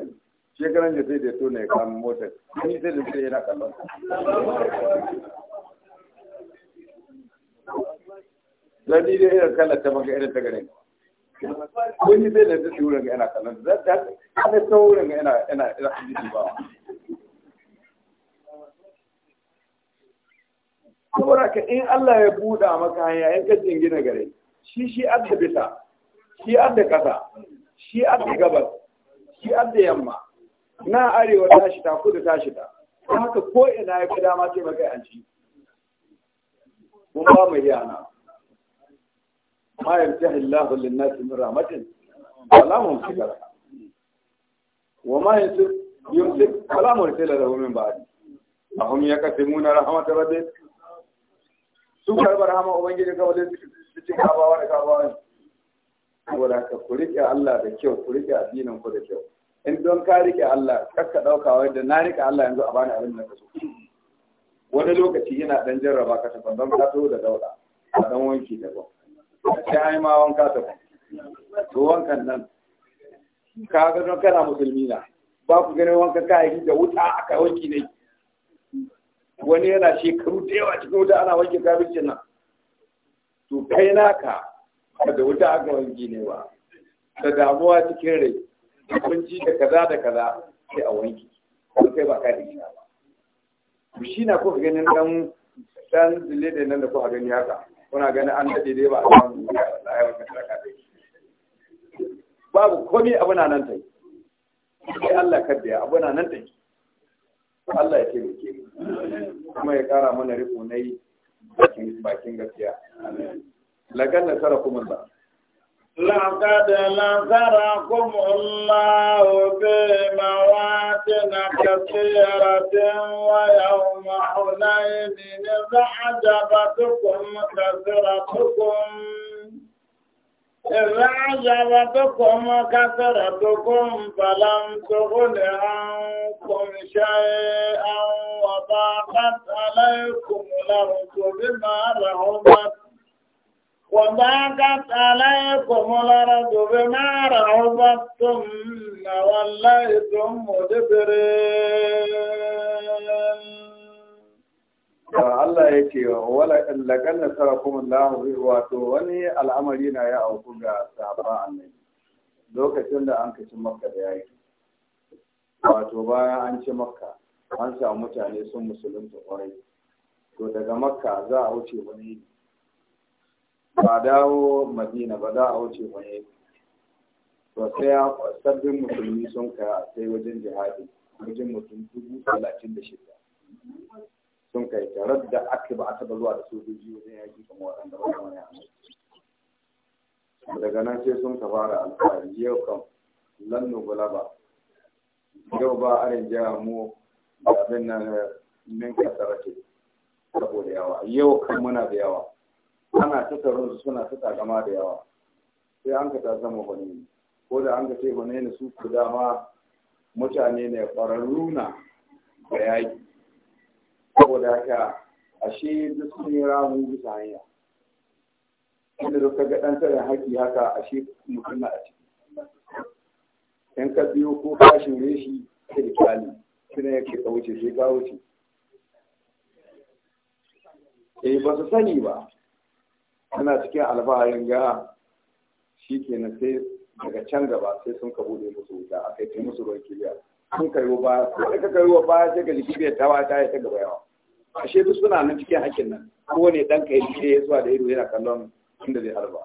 shekaran da sai da to ne kan mota ni sai da sai yana kallo ladi da irin kallon ta maka irin ta gare ko ni sai da sai wurin ga yana kallon da da ta ta wurin ga yana yana yana jiki ba saboda ka in Allah ya buɗa maka hanya in ka jingina gare shi shi adda bisa shi adda kasa shi adda gabas shi adda yamma na arewa ta shi ta kudu ta shi ta haka ko ina ya fi dama ce maka an ci mun ba mu yana ma ta Allahu lin-nasi min rahmatin wala mumsika wa ma yusir yumsik wala mursila lahu min ba'di ahum yaqsimuna rahmatar rabbik su karbar rahama ubangiji kawai su ci kabawa da kabawa saboda ka ku riƙe Allah da kyau ku riƙe addinin ku da kyau in don ka riƙe Allah ka ɗauka wai da na riƙe Allah yanzu a bani abin da ka so wani lokaci yana ɗan jarraba ka tafi don ka da dauɗa a ɗan wanki ba sai ai ma wanka ta to wankan nan ka ga don kana musulmi na ba ku ganin wankan kayayyaki da wuta a kai wanki ne wani yana shekaru da yawa cikin wuta ana wanke kabicin nan to kai naka da wuta aka wanki ne ba da damuwa cikin rai abinci da kaza da kaza sai a wanki kuma kai ba ka da ina ba shi na kuka ganin dan dan zille da nan da kuka gani haka kuna ganin an dade dai ba a samu da tsayar da sarka dai babu komai abu na nan tai sai Allah kadda abu na nan tai Allah ya ce mu kuma ya kara mana riko nayi bakin gaskiya amin lagan nasara kuma ba لقد نصركم الله بمواتن كثيرة ويوم حنين إذ أعجبتكم كثرتكم إذ أعجبتكم كثرتكم فلم تغن عنكم شيئا وضاقت عليكم الأرض بما رحبت وضاقت عليكم الأرض بما رحبت ثم وليتم مدبرين Allah ya ce laƙar da sarakun lahu wato wani al'amari na ya auku ga sahaba annabi lokacin da an kashi makka da yaki wato bayan an ci makka an samu mutane sun musulunta kwarai to daga makka za a wuce wani ba dawo madina ba za a wuce waye to sai sabbin musulmi sun ka sai wajen jihadi wajen mutum dubu talatin da shida sun kai tare da aka ba a taɓa zuwa da sojoji wajen yaki kamar waɗanda ba wani amma daga nan sai sun ka fara alfahari yau kam lannu ba yau ba a jiya mu abin nan min kasarake saboda yawa yau kan muna da yawa ana ta taron su suna ta takama da yawa sai an ka ta zama hunaini ko da an ka ce ne su ku dama mutane ne ƙwararru na da yaƙi saboda haka ashe duk sun yi ramu bisa hanya inda duk ga ɗan tsarin haƙi haka ashe mutum na a ciki in ka biyo ko kashin reshi sai da kyali suna yake ka wuce sai ka wuce eh ba su sani ba ana cikin alfaharin ga shi kenan sai daga can gaba sai sun ka bude musu wuta a kai kai musu ruwan kiliya sun kai wa baya ko ka kai wa baya sai ka ji ta wata ya ta gaba yawa ashe duk suna nan cikin hakkin nan kowane dan kai ne ya zuwa da ido yana kallon inda zai harba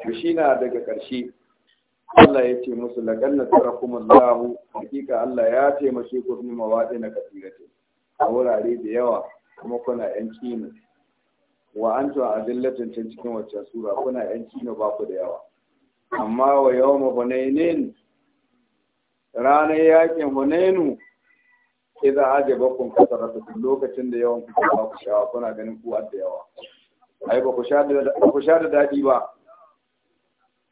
to shi na daga karshe. Allah ya ce musu laƙan na tsara kuma zahu hakika Allah ya taimake ku fi na kasirate a wurare da yawa kuma kuna ‘yan kima wa an to a dillatin cikin wacce sura kuna yanci na ba ku da yawa amma wa yawma hunainin ranar yakin hunainu idan kasara kasaratukum lokacin da yawan ku ba ku shawa kuna ganin ku da yawa ai ba ku sha da ku dadi ba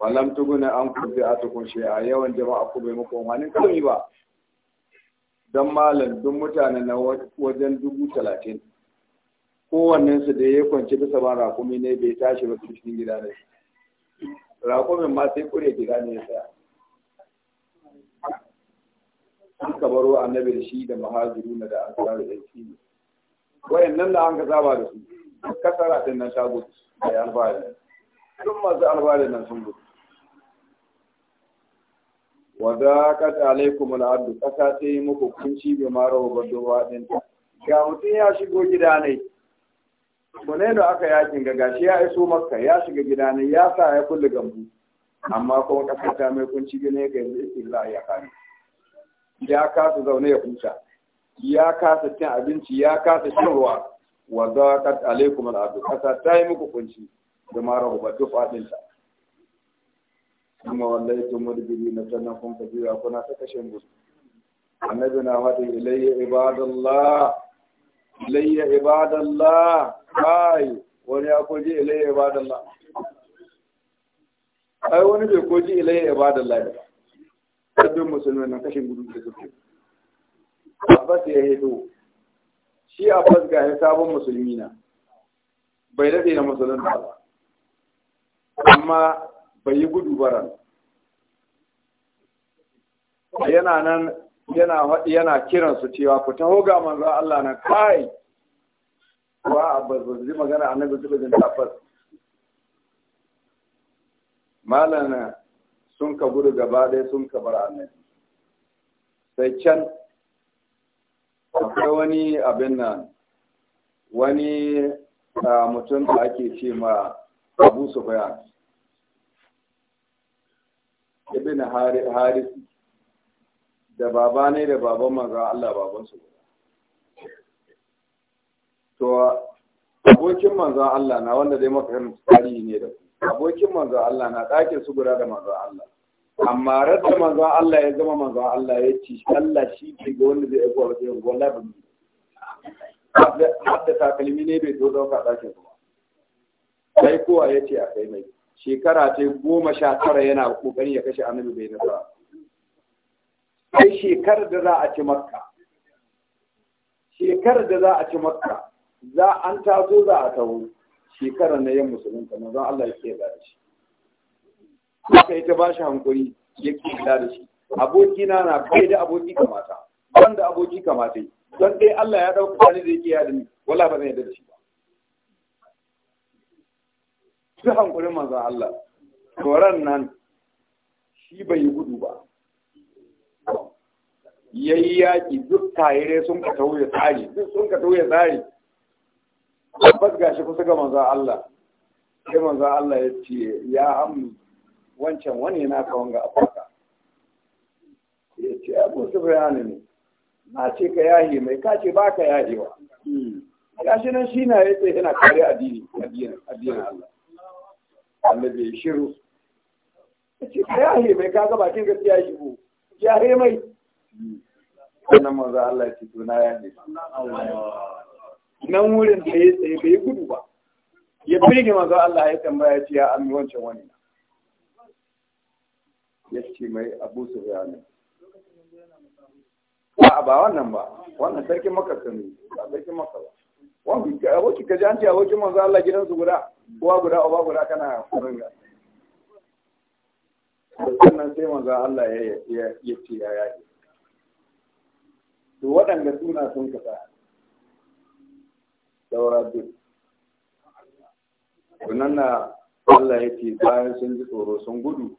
wallam tuguna an ku bi atukun shi a yawan jama'a ku bai muku wani kalmi ba dan malam duk mutanen na wajen dubu talatin kowannensu da ya kwanci bisa ba rakumi ne bai tashi ba cikin gida ne rakumin ma sai kure gida ne ya tsaya an kabaro annabi da shi da mahajiru na da ansaru da shi ne wayannan da an ka saba da su kasara din nan ta da albari sun masu albari nan sun gudu wadda kasa alaikum abu kasa ta yi muku kunci bai mara wa gado waɗin ga mutum ya shigo gida ne Hunainu aka yakin ga gashi ya iso Makka ya shiga gida ya sa ya kulle gambu amma kuma kasar ta mai kunci gine ga yanzu istila ya kare. Ya kasa zaune ya huta. Ya kasa cin abinci ya kasa shan ruwa. Wa za ka alaikum al'adu kasa ta yi muku kunci da mara hubatu ta Kuma wallahi tun mudbiri na sannan kun ko kuna ta kashe mu Annabi na faɗin ilayya ibadallah ilayya ibadallah kai wani ya koji ilayya ibadallah ai wani bai koji ilayya ibadallah ba sabbin musulmi nan kashin gudu da suke abbas ya hito shi abbas ga ya sabon musulmi na bai daɗe na musulun ba amma bai yi gudu ran yana nan yana kiransu cewa ku taho ga manzo Allah na kai ba ba su ji magana annabi su bin tafas malana sun ka gudu gaba ɗaya sun ka bar annabi sai can akwai wani abin nan wani mutum da ake ce ma abu su bayan ibn haris da baba ne da baban manzan allah baban su bayan to abokin manzo Allah na wanda dai maka hannu tarihi ne da abokin manzo Allah na ɗakin su guda da manzo Allah amma radda manzo Allah ya zama manzo Allah ya ci Allah shi ke ga wanda zai aiko wajen wallahi ba har da takalmi ne bai zo dauka ɗakin su sai kowa ya ce a kai mai shekara ta goma sha tara yana kokarin ya kashe annabi bai nasara sai shekarar da za a ci makka shekarar da za a ci makka za an taso za a taho shekarar na yin musulun kamar zan Allah ya ke da shi yi ta ba shi hankuri ya ke da shi aboki na na kai da aboki kamata ban da aboki kamata don dai Allah ya dauka ni da yake yadda ni wala ba zan yadda da shi ba su hankulin manzon Allah koran nan shi bai yi gudu ba yayi yaki duk tayire sun ka tauye tsari duk sun ka tauye tsari tabbas gashi kusa ga manzon Allah sai manzon Allah ya ce ya ammi wancan wani na ka wanga Farka. ya ce abu su ne na ce ka yahi mai ka ce ba ka Ya gashi nan shi na ya ce yana kare addini addinin Allah annabi ya shiru ya ce ka yahi mai ka ga bakin gaskiya shi ko yahe mai wannan manzo Allah ya ce to na yahe nan wurin da ya tsaye bai gudu ba ya firge maza Allah ya tambaya ce ya ammi wancan wani ya ce mai Abu Sufyan ba ba wannan ba wannan sarkin makasar ne ba sarkin Makka ba wani aboki ka ji an ce abokin maza Allah gidansu guda uwa guda uba guda kana kurin ga sannan sai maza Allah ya ce ya yaki. to waɗanda suna sun kasa saura duk wannan na Allah ya ce bayan sun ji tsoro sun gudu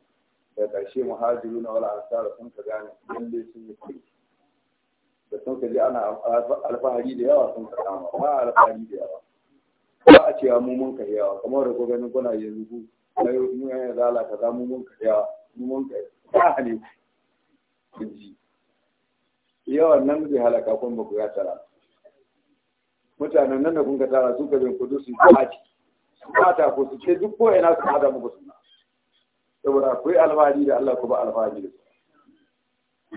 da ƙarshe muhajiru na wala ansara sun ka gane lalle sun yi kai da sun ka ji ana alfahari da yawa sun ka kama ba alfahari da yawa ba a cewa mu mun ka yawa kamar da ko ganin kuna yanzu na yau mu yan zala kaza mu mun ka yawa mu mun ka yawa ne kun ji yawan nan zai halaka kun ba ku ya tara mutanen nan da kun ka tara su gaban kudu su kaci su kata ko su ce duk ko ina su hada muku suna saboda akwai alfahari da Allah ko ba alfahari da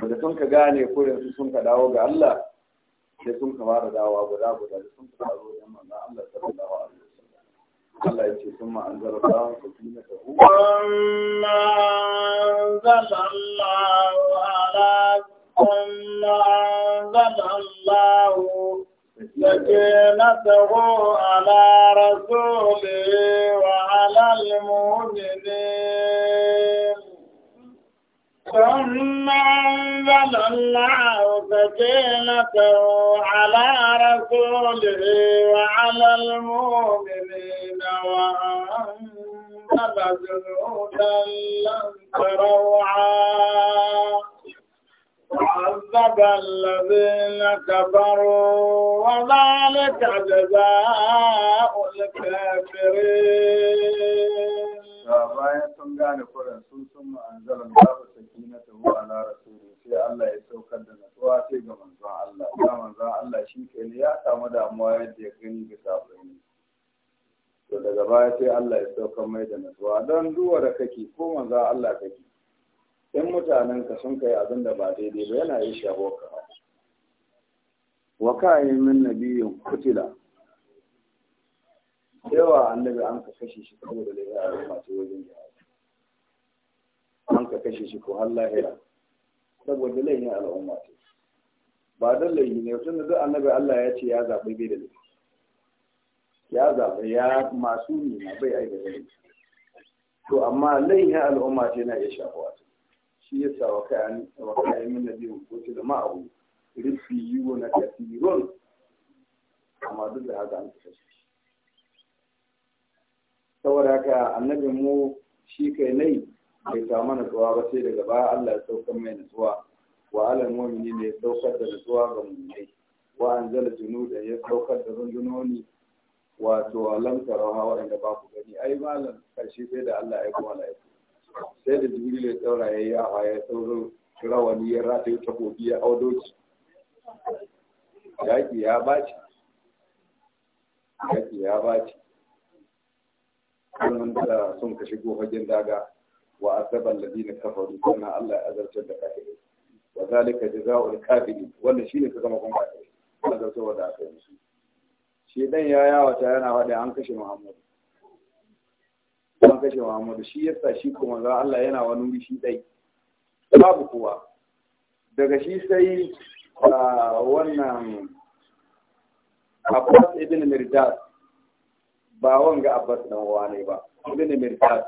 su da sun ka gane ko da sun ka dawo ga Allah sai sun ka fara dawa guda guda da sun ka dawo da manzon Allah sallallahu alaihi wasallam Allah ya ce sun ma zara ta su kuma ta زينته على رسوله وعلى المؤمنين ثم أنزل الله سكينته على رسوله وعلى المؤمنين وأنزل جنودا لم تروعا كذب الذين كفروا وذلك جزاء الكافرين bayan sun gane kuran sun sun ma'anzalar babu sakinata wa ala rasuli sai Allah ya da natsuwa sai ga manzon Allah Allah shi ne ya samu damuwa yadda ya gani ga sabon to daga baya sai Allah ya saukar mai da natsuwa don duwa da kake ko manzon Allah kake in mutanen ka sun kai abin da ba daidai ba yana yi shahuwar ka wa kayi min nabiyin kutila yawa annabi an ka kashe shi saboda da ya masu wajen jihadi an ka kashe shi ko har lahira saboda laihin al'umma ce ba don laihi ne tun da annabi Allah ya ce ya zaɓi bai da laifi ya zaɓi ya masu ne na bai aika gari to amma laihin al'umma ce na iya shafuwa shi ya sa wa kayan min na biyan koci da ma'abu rufi yi wa na kafiron amma duk da haka an kusa shi saboda haka annabin mu shi kai nai bai samu tsuwa ba sai daga ba Allah ya saukar mai natsuwa wa alal mu'mini ne ya saukar da natsuwa ga mu'minai wa anzala junuda ya saukar da rundunoni wato lam tarawa wa'anda ba ku gani ai malam karshe sai da Allah ya kuma mala'iku sai da jibril ya tsaura ya yi a ya saurin rawani ya rata ya takobi ya audoci yaƙi ya baci yaƙi ya baci kan da sun ka shigo daga wa azaban na kafaru sannan Allah ya azartar da kafirai wa zalika jazaa'ul wanda wannan ne ka zama kafin kafirai azartar da aka yi shi dan ya yawata yana faɗi an kashe Muhammadu an kashe Muhammadu shi yasa shi kuma za Allah yana wani wuri shi dai babu kowa daga shi sai ah, wannan Abbas ibn Mirdad ba wanga Abbas dan uwa ne ba ibn Mirdad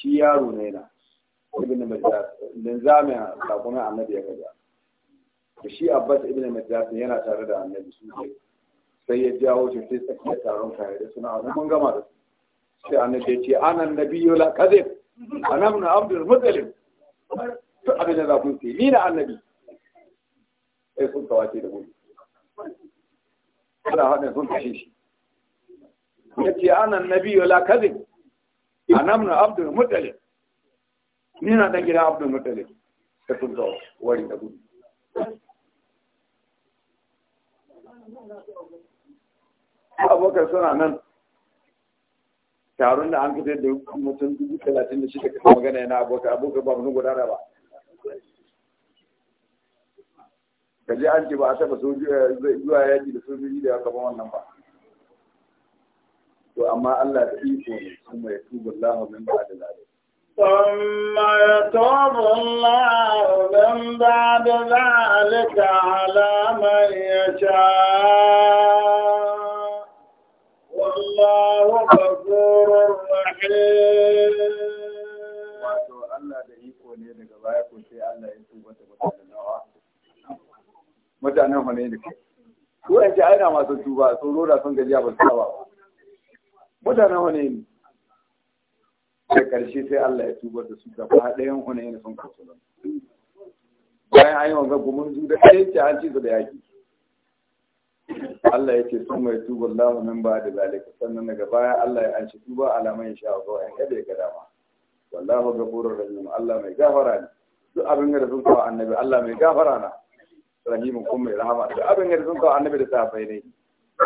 shi yaro ne na ibn Mirdad dan ta kuma annabi ya kaza shi Abbas ibn Mirdad yana tare da annabi sai ya jawo shi sai tsakiyar taron kare suna mun gama da su يعني ديتي انا النبي لا كذب انا ابن عبد أنا فقبل ذا كنت مين النبي اي سلطه واتي تقول لا هذا سلطه شيشي ديتي انا النبي إيه لا كذب انا ابن عبد المطلب مين انا دقي عبد المطلب اي سلطه واتي تقول taron da an fitar da mutum dubu talatin da shida kasa magana yana abota abokan ba mutum gudana ba ka je an ce ba a taba eh, zuwa yaji da sojoji da ya kafa wannan ba to amma Allah da iko ne kuma ya tuba Allah min ba da zalim ثم يتوب الله من بعد ذلك على من يشاء والله غفور رحيم wato Allah da iko ne daga baya ko sai Allah ya tuba da mutanen nawa mutanen fa ne da kai ko an ce aina masu tuba sun roda sun gajiya ba su ba mutanen fa ne Sai da karshe sai Allah ya tuba da su da ba ɗayan fa ne sun kasu bayan an yi wanga gumin zu da ɗayan ce an ci su da yaki Allah ya ce sun mai tuba Allah min ba da zalika sannan daga baya Allah ya anshi tuba alamai ya Allah an kada ya ga ma wallahu ghafurur rahim Allah mai gafara ne duk abin da sun kawo annabi Allah mai gafara na rahimun kuma mai rahama duk abin da sun kawo annabi da safai ne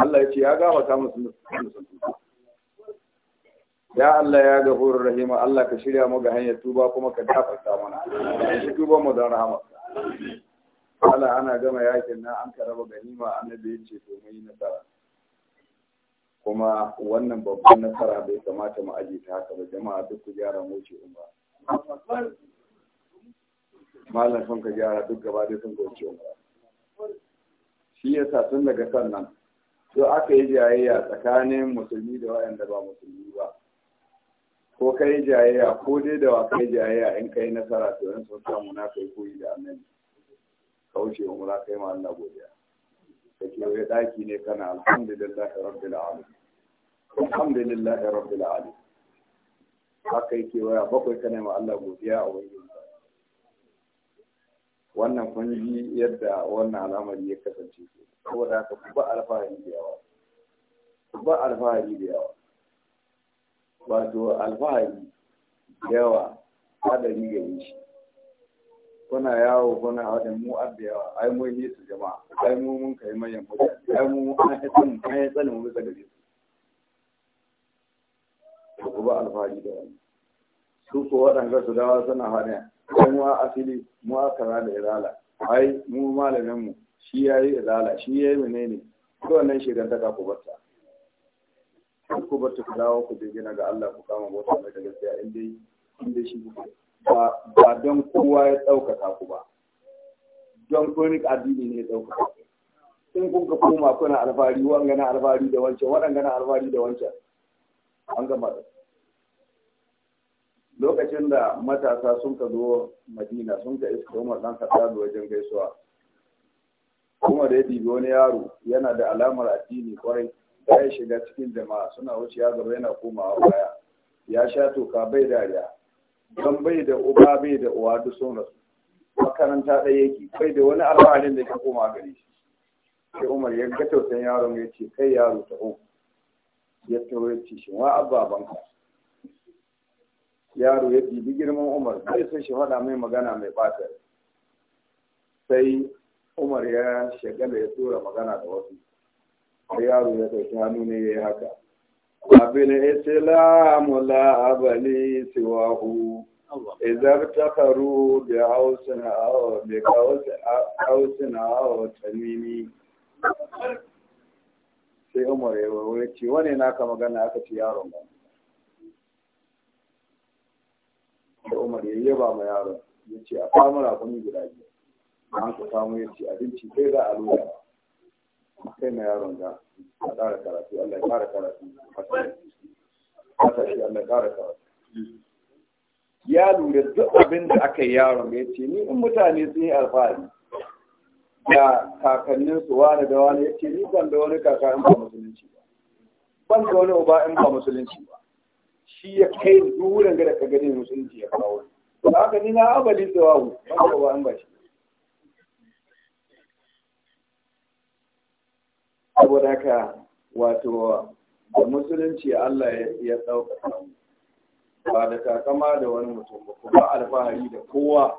Allah ya ce ya gafarta musu ya Allah ya gafurur rahim Allah ka shirya mu ga hanyar tuba kuma ka gafarta mana shi tuba mu da rahama ala ana gama yakin na an karaba ganima annabi ya ce to yi nasara kuma wannan babban nasara bai kamata mu aje ta haka ba jama'a duk ku gyara moce umma malam sun ka gyara duk gaba dai sun ka wuce umma shi yasa tun daga sannan to aka yi jayayya tsakanin musulmi da waɗanda ba musulmi ba ko kai jayayya ko dai da wa kai jayayya in kai nasara to yan sun samu na kai koyi da annabi ka wuce umra kai ma Allah godiya ka kewaye daki ne kana alhamdulillahi rabbil alamin alhamdulillahi rabbil alamin haka yake waya bakwai kana ma Allah godiya a wani wannan kun yi yadda wannan al'amari ya kasance saboda haka ku ba alfahari da yawa ku ba alfahari da yawa wato alfahari da yawa hadari gare shi kuna yawo kuna wajen mu abda yawa ai mu yi su jama'a ai mu mun kai manyan mutane ai mu an yi tsanin an yi tsanin mu daga su to ku ba alfahari da wani su ko waɗanda su dawa suna hana ai mu a asili mu akara da irala ai mu malamin mu shi ya yi irala shi ya yayi menene to wannan shirin ta ka ku barta ku barta ku dawo ku je gina ga Allah ku kama bota mai da gaskiya in dai shi ku ba don kowa ya ɗaukaka ku ba don kun riƙa addini ne ya ɗaukaka ku in kun ka koma kuna alfahari wanga na alfahari da wancan waɗanga na alfari da wancan an gama da lokacin da matasa sun ka zo madina sun ka iska umar dan khattabi wajen gaisuwa kuma da ya ɗibi wani yaro yana da alamar addini kwarai ya shiga cikin jama'a suna wuce ya gaba yana komawa baya ya sha toka bai dariya don bai da uba bai da uwa duk sun makaranta ɗaya yake bai da wani alfaharin da ke koma gare shi sai umar ya ga tausayin yaron ya ce kai yaro ta o ya tawo ya ce shin wa ababan ka yaro ya bibi girman umar bai so shi faɗa mai magana mai ɓata sai umar ya shagala ya tura magana da wasu sai yaro ya ɗauki hannu ne ya yi haka وفي الإسلام لا أبلي سواه إذا ابتكروا بعوس أو بقوس قوس أو تميمي sai umar ya ce wani na ka magana aka ce yaron ba sai umar ya yaba ma yaron ya ce a samu rakumi guda biyu na ka samu ya ce abinci sai za a lura kai na yaron ga a ƙara karatu Allah ya ƙara karatu a Allah ya ƙara karatu ya lura duk abin da aka yi yaron ya ce ni in mutane sun yi alfahari da kakannin su wani da wani ya ce ni ban da wani kaka in ba musulunci ba ban da wani uba in ba musulunci ba shi ya kai duk ga da ka gani musulunci ya kawo ba haka ni na abali tsawahu ban da uba in ba shi saboda haka wato da musulunci Allah ya ɗaukaka mu ba da takama da wani mutum ba ku ba alfahari da kowa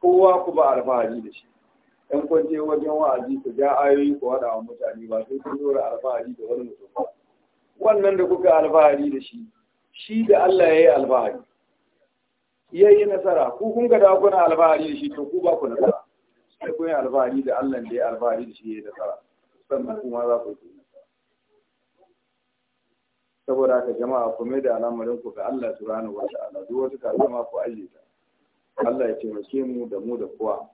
kowa ku ba alfahari da shi ɗan kwance wajen wa'azi su ja ayoyi ko haɗa wa mutane ba sai kun zora alfahari da wani mutum ba wannan da kuka alfahari da shi shi da Allah ya yi alfahari ya yi nasara ku kun ga da kuna alfahari da shi to ku ba ku nasara sai kun yi alfahari da Allah da ya alfahari da shi ya yi nasara sannan kuma za ku yi saboda haka jama'a ku mai da al'amarin ku ga Allah subhanahu wa ta'ala duk wata kalma ku ayyuka Allah ya taimake mu da mu da kowa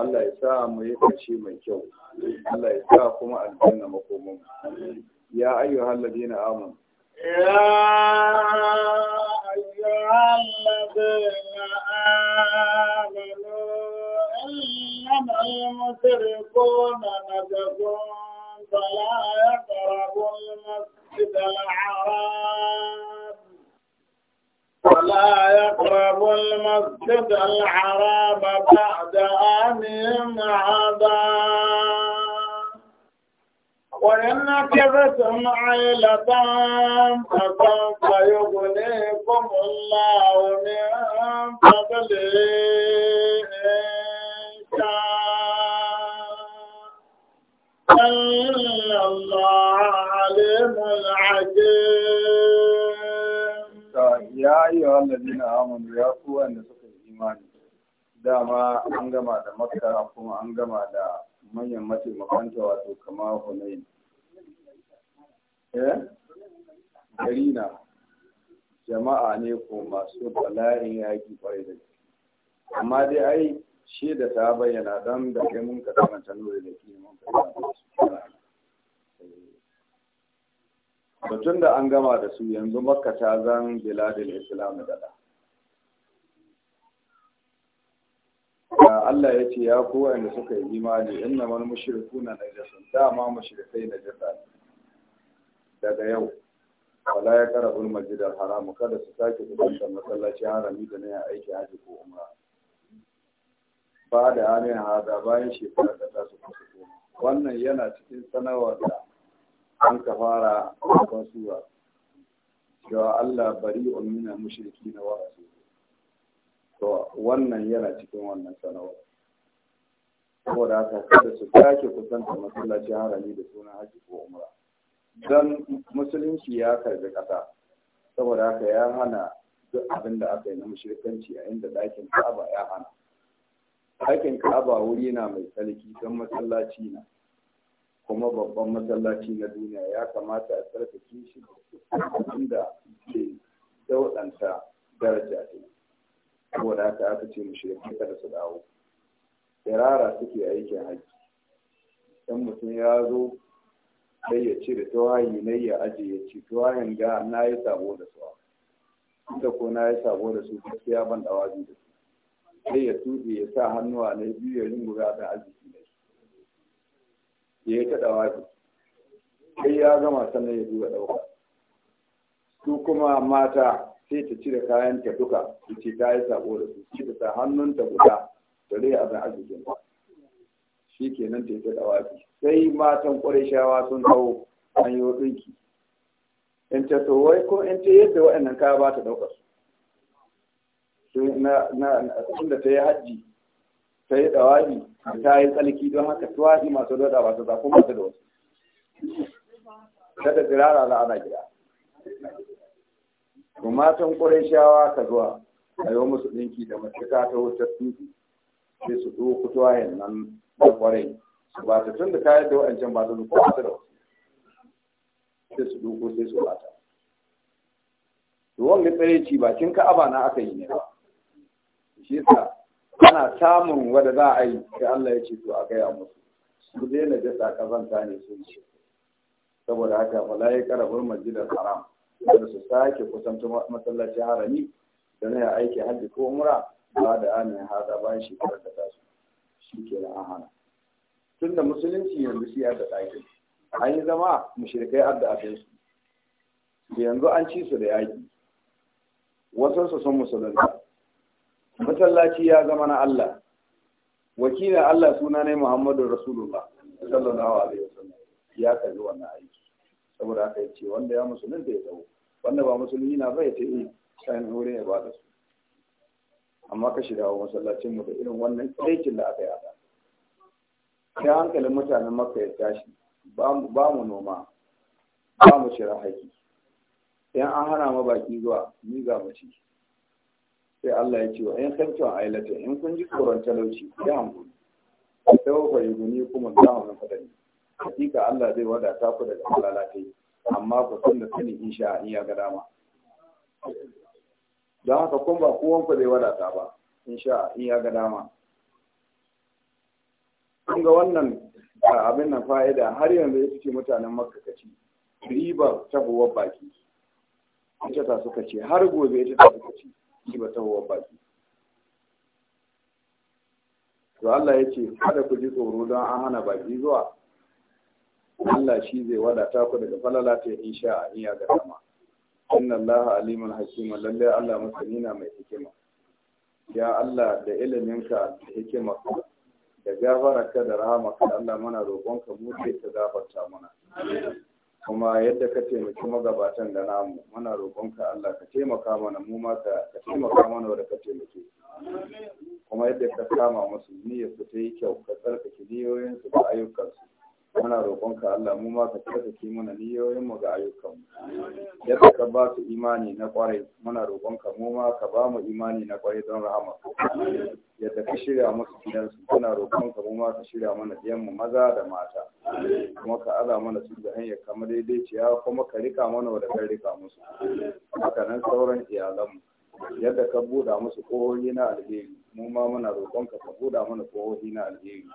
Allah ya sa mu yi kashi mai kyau Allah ya sa kuma aljanna makomin ya ayyuhal halladina amanu ya ayyuhal ladina amanu إنما المشركون نجسون فلا يقرب المسجد الحرام ولا يقرب المسجد الحرام بعد أن هذا وإن كبتم عيلة فسوف يغنيكم الله من فضله إن شاء إن الله عليم عليم ya أيها الذين آمنوا يا قوة نسخ الإيمان dama an gama da makka kuma an gama da manyan mataimakanta wato kama hunain eh gari na jama'a ne ko masu bala'in yaki kwarai da amma dai ai shi da ta bayyana don da ke mun ka karanta nuri da ke mun ka karanta da an gama da su yanzu makka ta zan biladin islam da da Allah ya ce ya kowa inda suka yi imani inna man mushriku na najasun dama mushrikai najasa daga yau wala ya karabul ulmajidar haramu kada su sake da masallaci harami da na aiki haji ko umra ba da amin hada bayan shekara da ta su wannan yana cikin sanawar da an ka fara a Allah bari umina mushriki na wa'azi to wannan yana cikin wannan sanawar. saboda haka kada su take kusanta masallaci harami da sunan haji ko umra dan musulunci ya karbi kasa saboda haka ya hana duk abin aka yi na mushrikanci a inda dakin Ka'aba ya hana ɗakin ka'aba wuri na mai tsarki don masallaci na kuma babban masallaci na duniya ya kamata a tsarkake shi da ke daudanta daraja ne saboda haka aka ce mu shirya da su dawo tsirara suke aikin haji don mutum ya zo sai ya cire tawayi na ya aje ya ci tawayin ga na yi sabo da su da ko na yi sabo da su gaskiya ban dawa da su sai ya tuɗe ya sa hannuwa na biyu ya ringura da arziki ne ya yi ta ɗawafi sai ya gama sannan ya duba ɗauka su kuma mata sai ta cire kayan ta duka su ce ta yi sabo da su ci ta sa hannunta guda da rai a zan arzikin shi ke nan ta yi ta ɗawafi sai matan shawa sun hau an yi ɗinki in ta so wai ko in ta yadda waɗannan kaya ba ta ɗaukar su tunda ta yi hajji ta yi tsawari ta yi tsalki don haka tuwaɗi masu dada ba su zafi masu da wasu kada tsirara za ana gida to matan shawa ka zuwa a yi musu ɗinki da matuka ta wutar tuki sai su ɗo kutuwayen nan da ƙwarai su ba ta tun da yi da wa'ancan ba su zuku masu da wasu sai su ko sai su ba Ruwan gitsare ci bakin ka'aba na aka yi ne ba. shi yasa ana samun wanda za a yi sai Allah ya ce to a gaya musu su dai na jasa kazanta ne sun ce saboda haka wala ya karabul masjidal haram da su sake kusanta masallacin harami don ya aiki hajji ko umra ba da ana hada bayan shekarar da ta su shi ke da an hana tun da musulunci yanzu shi da dake an yi zama mushrikai adda abin su yanzu an ci su da yaƙi wasansu sun musulunci masallaci ya zama na Allah wakila Allah suna ne Muhammadu Rasulullah sallallahu alaihi wasallam ya kalli wannan aiki saboda yi ce, wanda ya musulunta ya dawo wanda ba musulmi na bai ta yi sayan hore ya bada su amma ka shiga wa masallacin mu da irin wannan aikin da aka yada sai hankalin mutanen Makka ya tashi ba mu noma ba mu shira haƙi in an hana ma baki zuwa ni ga mu ciki sai Allah ya ce wa in khaftu ailata in kun ji tsoron talauci ya hankali sai wa guni kuma za mu fadani hakika Allah zai wadata ku daga lalatai amma ku san da sani insha in ya ga dama don haka kun ba kowan ku zai wadata ba insha in ya ga dama kun ga wannan abin nan fa'ida har yanzu ya ce mutanen makka kaci riba ta baki ita ta suka ce har gobe ita ta suka ce shi ba tahowar baki to Allah ya ce kada ku ji tsoro don an hana baki zuwa Allah shi zai wadata ku daga falala ta insha a iya ga dama inna Allah aliman hakima lalle Allah masani na mai hikima ya Allah da iliminka da hikima da gafararka da ka Allah mana roƙonka mu ta gafarta mana kuma yadda ka taimaki magabatan da namu muna roƙonka Allah ka taimaka mana mu ma ka taimaka mana wanda ka taimake kuma yadda ka kama musu niyyar su ta yi kyau ka tsarkake niyoyin su da ayyukan su muna roƙonka Allah mu ma ka tsarkake mana niyoyin mu ga ayyukan mu yadda ka ba su imani na kwarai muna roƙonka mu ma ka ba mu imani na kwarai don rahama yadda ka shirya musu gidansu muna roƙonka mu ma ka shirya mana biyan mu maza da mata kuma ka aza mana su da hanyar kamar daidai daidaiciya kuma ka rika mana da ka rika musu haka nan sauran iyalanmu yadda ka buɗa musu kohohi na alheri mu ma muna roƙon ka buɗa mana kohohi na alheri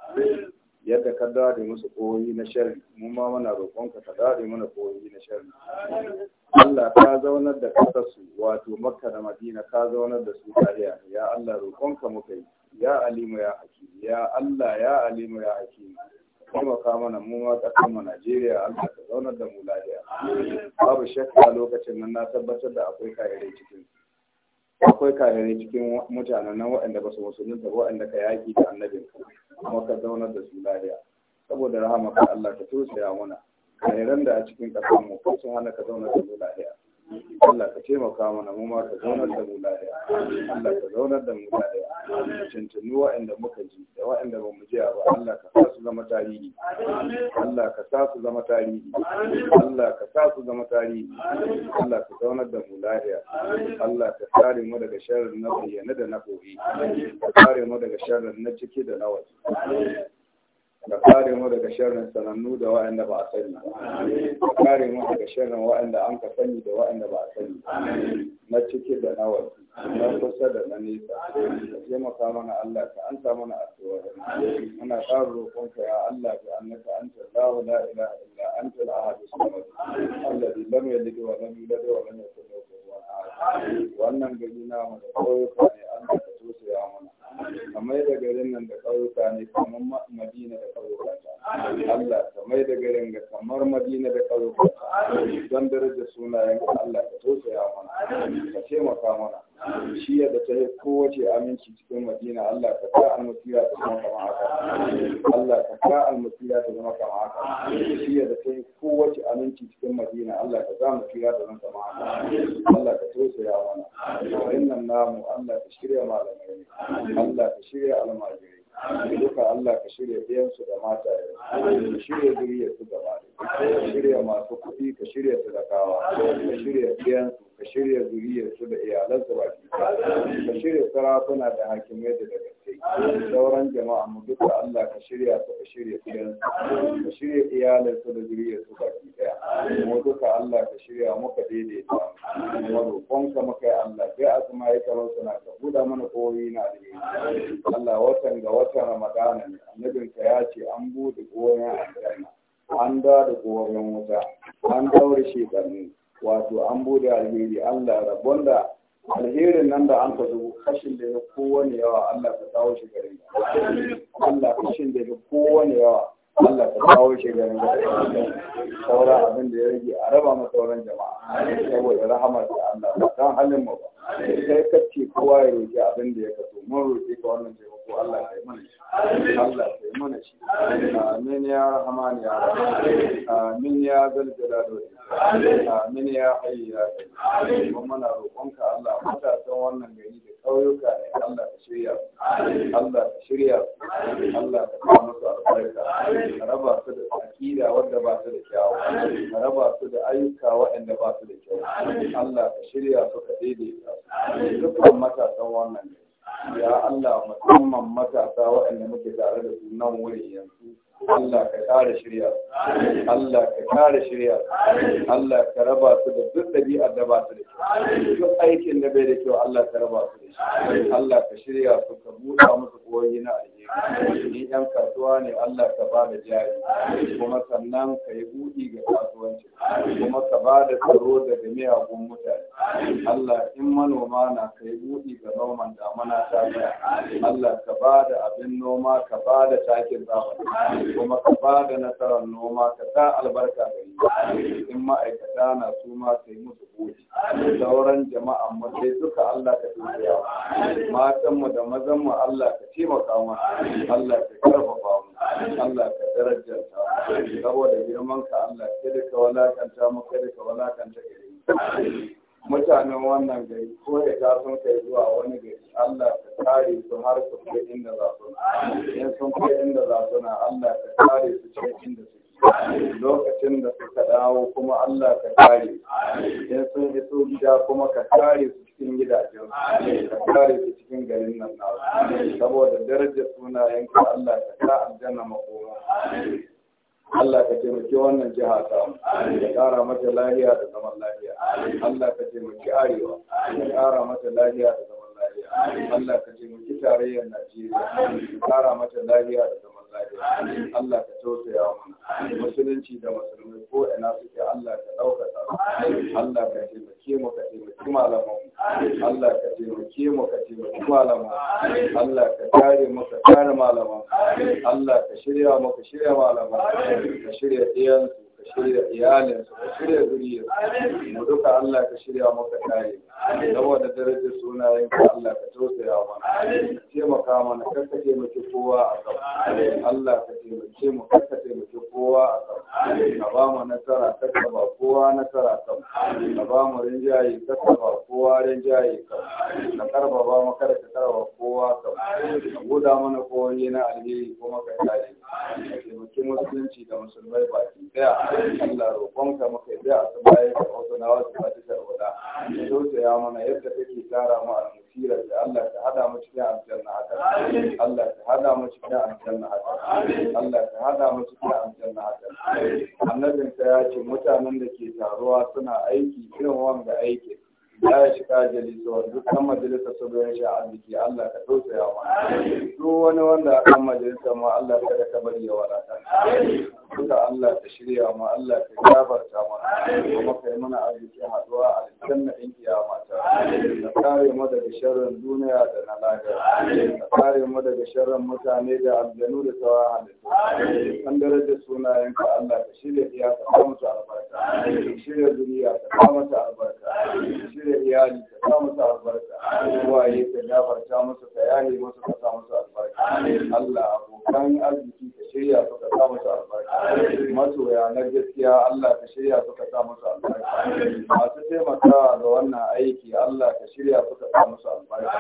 yadda ka dade musu kohohi na sharri mu ma muna roƙon ka dade mana kohohi na sharri Allah ka zaunar da su wato Makka da Madina ka zaunar da su tariya ya Allah roƙon ka muka yi ya alimu ya Hakimi ya Allah ya alimu ya Hakimi taimaka mana mu ma ƙasar mu Najeriya Allah ta zaunar da mu lafiya babu shakka lokacin nan na tabbatar da akwai kayayyaki cikin akwai kayayyaki cikin mutanen nan waɗanda ba su musulunta ba waɗanda ka yaƙi da annabin kuma ka zaunar da su lafiya saboda rahama ka Allah ka tausaya mana kayayyar da a cikin ƙasar mu sun hana ka zaunar da mu lafiya Allah ka taimaka mana mu ma ka zaunar da mu lafiya Allah ka zaunar da mu lafiya cancanu waɗanda muka ji da wa'inda ba mu ji ba Allah ka sa su zama tarihi Allah ka sa su zama tarihi Allah ka sa su zama tarihi Allah ka zaunar da mu lafiya Allah ka kare mu daga sharrin na bayyana da na boye ka kare mu daga sharrin na ciki da na waje ka kare mu daga sharrin sanannu da wa'anda ba a sani ka kare mu daga sharrin wa'anda an ka sani da wa'anda ba a sani na ciki da na waje na kusa da na nesa ka taimaka mana Allah ka an sa mana addu'a muna ƙara roƙonka ya Allah bi annaka anta la ilaha illa anta al-ahad as-samad alladhi lam yalid wa lam yulad wa lam yakul lahu kufuwan ahad wannan gari na da koyo ne ka tausaya kamar da garin nan da ƙauyuka ne kamar Madina da ƙauyuka Allah mai da garin ga kamar madina da ƙauyuka don dare da sunayen ka Allah ka tausaya mana ka taimaka mana shi da ta kowace aminci cikin madina Allah ka sa almasiya ta zama kama haka Allah ka sa almasiya ta zama kama haka shi da ta kowace aminci cikin madina Allah ka sa musiya ta zama kama haka Allah ka tausaya mana wannan namu Allah ka shirya malamai Allah ka shirya almajirai duka Allah ka shirya ɗayansu da mata ka shirya da gaba ka shirya masu kuɗi ka shirya talakawa ka shirya siyansu, ka shirya zuriyarsu da iyalansu ba ka shirya sarakuna da hakimai da daga sauran jama'a mu duka Allah ka shirya su ka shirya siyansu. ka shirya iyalansu da zuriyarsu ba ki daya mu duka Allah ka shirya muka daidaita mu roƙonka muka yi Allah sai azuma ya karo suna ka buɗa mana koyi na alheri Allah watan ga watan Ramadana ne annabinka ya ce an buɗe goyon aljanna an da da koren wuta an daure shekarni wato an bude alheri allah rabon da alherin nan da an kazo kashin da ya kowane yawa allah ka kawo shi garin allah kashin da ya kowane yawa Allah ka kawo shi garin saura abin da ya rage a raba mu sauran jama'a saboda rahama da Allah ba don halin mu ba kai kacce kowa ya roƙi abin da ya kaso mun roƙi ka wannan taimako Allah ya mana shi Allah kai mana shi amin ya rahman ya rahim amin ya zal jalal amin ya hayy ya amin muna roƙonka Allah san wannan gari da ƙauyuka ne Allah ka shirya Allah ka shirya Allah ka kawo musu albarka ka raba su da akida wanda ba su da kyawu ka raba su da ayyuka waɗanda ba su da kyau. Allah ka shirya su ka daidaita dukkan matasan wannan ya Allah musamman matasa waɗanda muke tare da su nan wuri yanzu Allah ka kare shirya Allah ka kare shirya Allah ka raba su da duk dabi'ar da ba su da kyau duk aikin da bai da kyau Allah ka raba su da shi Allah ka shirya su ka buɗa musu koyi na alheri ni 'yan kasuwa ne Allah ka ba da jari kuma sannan ka yi buɗi ga kasuwanci kuma ka ba da tsaro daga miyagun mutane Allah in manoma na ka yi buɗi ga noman mana ta kaya Allah ka ba da abin noma ka ba da takin zamani kuma ka ba da nasarar noma ka sa albarka da yi in ma'aikata na su ma ka yi musu buɗi sauran jama'an mu sai duka Allah ka tafiya matanmu da mazanmu Allah ka taimaka mana Allah ka karfafa mu Allah ka darajarta saboda girman ka Allah kada ka walakanta mu kada ka walakanta gari mutanen wannan gari ko da ta sun kai zuwa wani gari Allah ka kare su har su kai inda za su na. in sun kai inda za su na Allah ka kare su cikin inda su lokacin da suka dawo kuma Allah ka kare in sun iso gida kuma ka kare su cikin gidajen ka kare su cikin garin nan na saboda darajar sunayen ka Allah ka ta aljanna makoma Allah ka taimaki wannan jiha ta ka ƙara mata lahiya da zaman lahiya Allah ka taimaki arewa ka ƙara mata lahiya da zaman lahiya Allah ka taimaki tarayyar Najeriya ka ƙara mata lahiya da zaman Najeriya Allah ka tausaya mana musulunci da musulmai ko ina suke Allah ka ɗaukata, Allah ka taimake mu ka taimaki malaman Allah ka taimake mu ka taimaki malaman Allah ka kare mu ka kare malaman Allah ka shirya mu ka shirya malaman ka shirya ɗiyansu shirya iyalinsu ka shirya zuriyarsu mu duka Allah ka shirya maka kare saboda darajar sunayen ka Allah ka tausaya mana ka taimaka mana kar ka taimaki kowa a kan Allah ka taimake mu kar ka taimaki kowa a kan ka ba mu nasara kar ka ba kowa nasara kan ka ba mu rinjaye kar ka ba kowa rinjaye kan ka karba ba mu kar ka karba kowa kan ka buda mana koyi na alheri kuma ka kare taimaki musulunci da musulmai baki daya Allah roƙonka maka biya su bayan da wasanawa su ba ta sharwada tausaya mana yadda kake tara mu almusira da Allah ta hada mu cikin aljanna haka Allah ta hada mu cikin aljanna haka Allah ta hada mu cikin aljanna haka annabinka ya ce mutanen da ke taruwa suna aiki irin wanda aikin ya yi shiga jalisuwa dukkan majalisa su bayan shi jiki Allah ka tausaya wa duk wani wanda a kan majalisa ma Allah ka ka bari ya wadata duka Allah ka shirya ma Allah ka gabarta ma kuma ka yi mana arziki haduwa a cikin aljanna in kiyama ta ka kare mu daga sharrin duniya da na lahira ka kare mu daga sharrin mutane da aljanu da sawa halittu kan daraja sunayen ka Allah ka shirya iya ka samu albarka shirya duniya ka samu albarka shirya da iyali ka sa musu albarka waye ta gafarta musu ka yaye musu ka sa musu albarka Allah abokan arziki ta shirya su ka sa musu albarka masoya na gaskiya Allah ta shirya su ka sa musu albarka masu taimakawa ga wannan aiki Allah ta shirya su ka sa musu albarka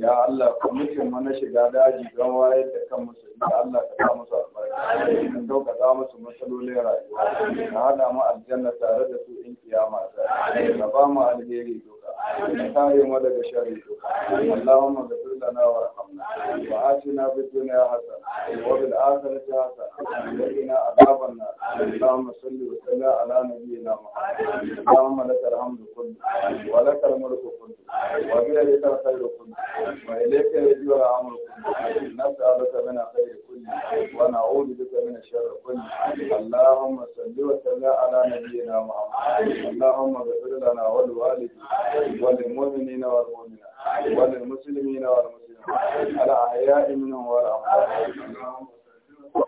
ya Allah kwamitin mu na shiga daji don wayar da kan musulmi Allah ka sa musu albarka ka sauƙaƙa musu matsalolin rayuwa ka hada mu aljanna tare da su in kiyama ta ka ba mu alheri ka yi mada ga shari Allahumma gafir lana wa rahamna wa atina bid dunya hasana wa bil akhirati hasana wa qina adhaban nar Allahumma salli wa sallim ala nabiyyina Muhammad Allahumma lak alhamd kullu wa lak almulku kullu wa bi yadika alkhayru kullu wa ilayka yarji wa amru kullu nas'aluka min alkhayr kullu wa na'udhu bika min alshar kullu Allahumma salli wa sallim ala nabiyyina Muhammad Allahumma gafir lana wa liwalidina وللمؤمنين والمؤمنات وللمسلمين والمسلمات الأحياء منهم والأموات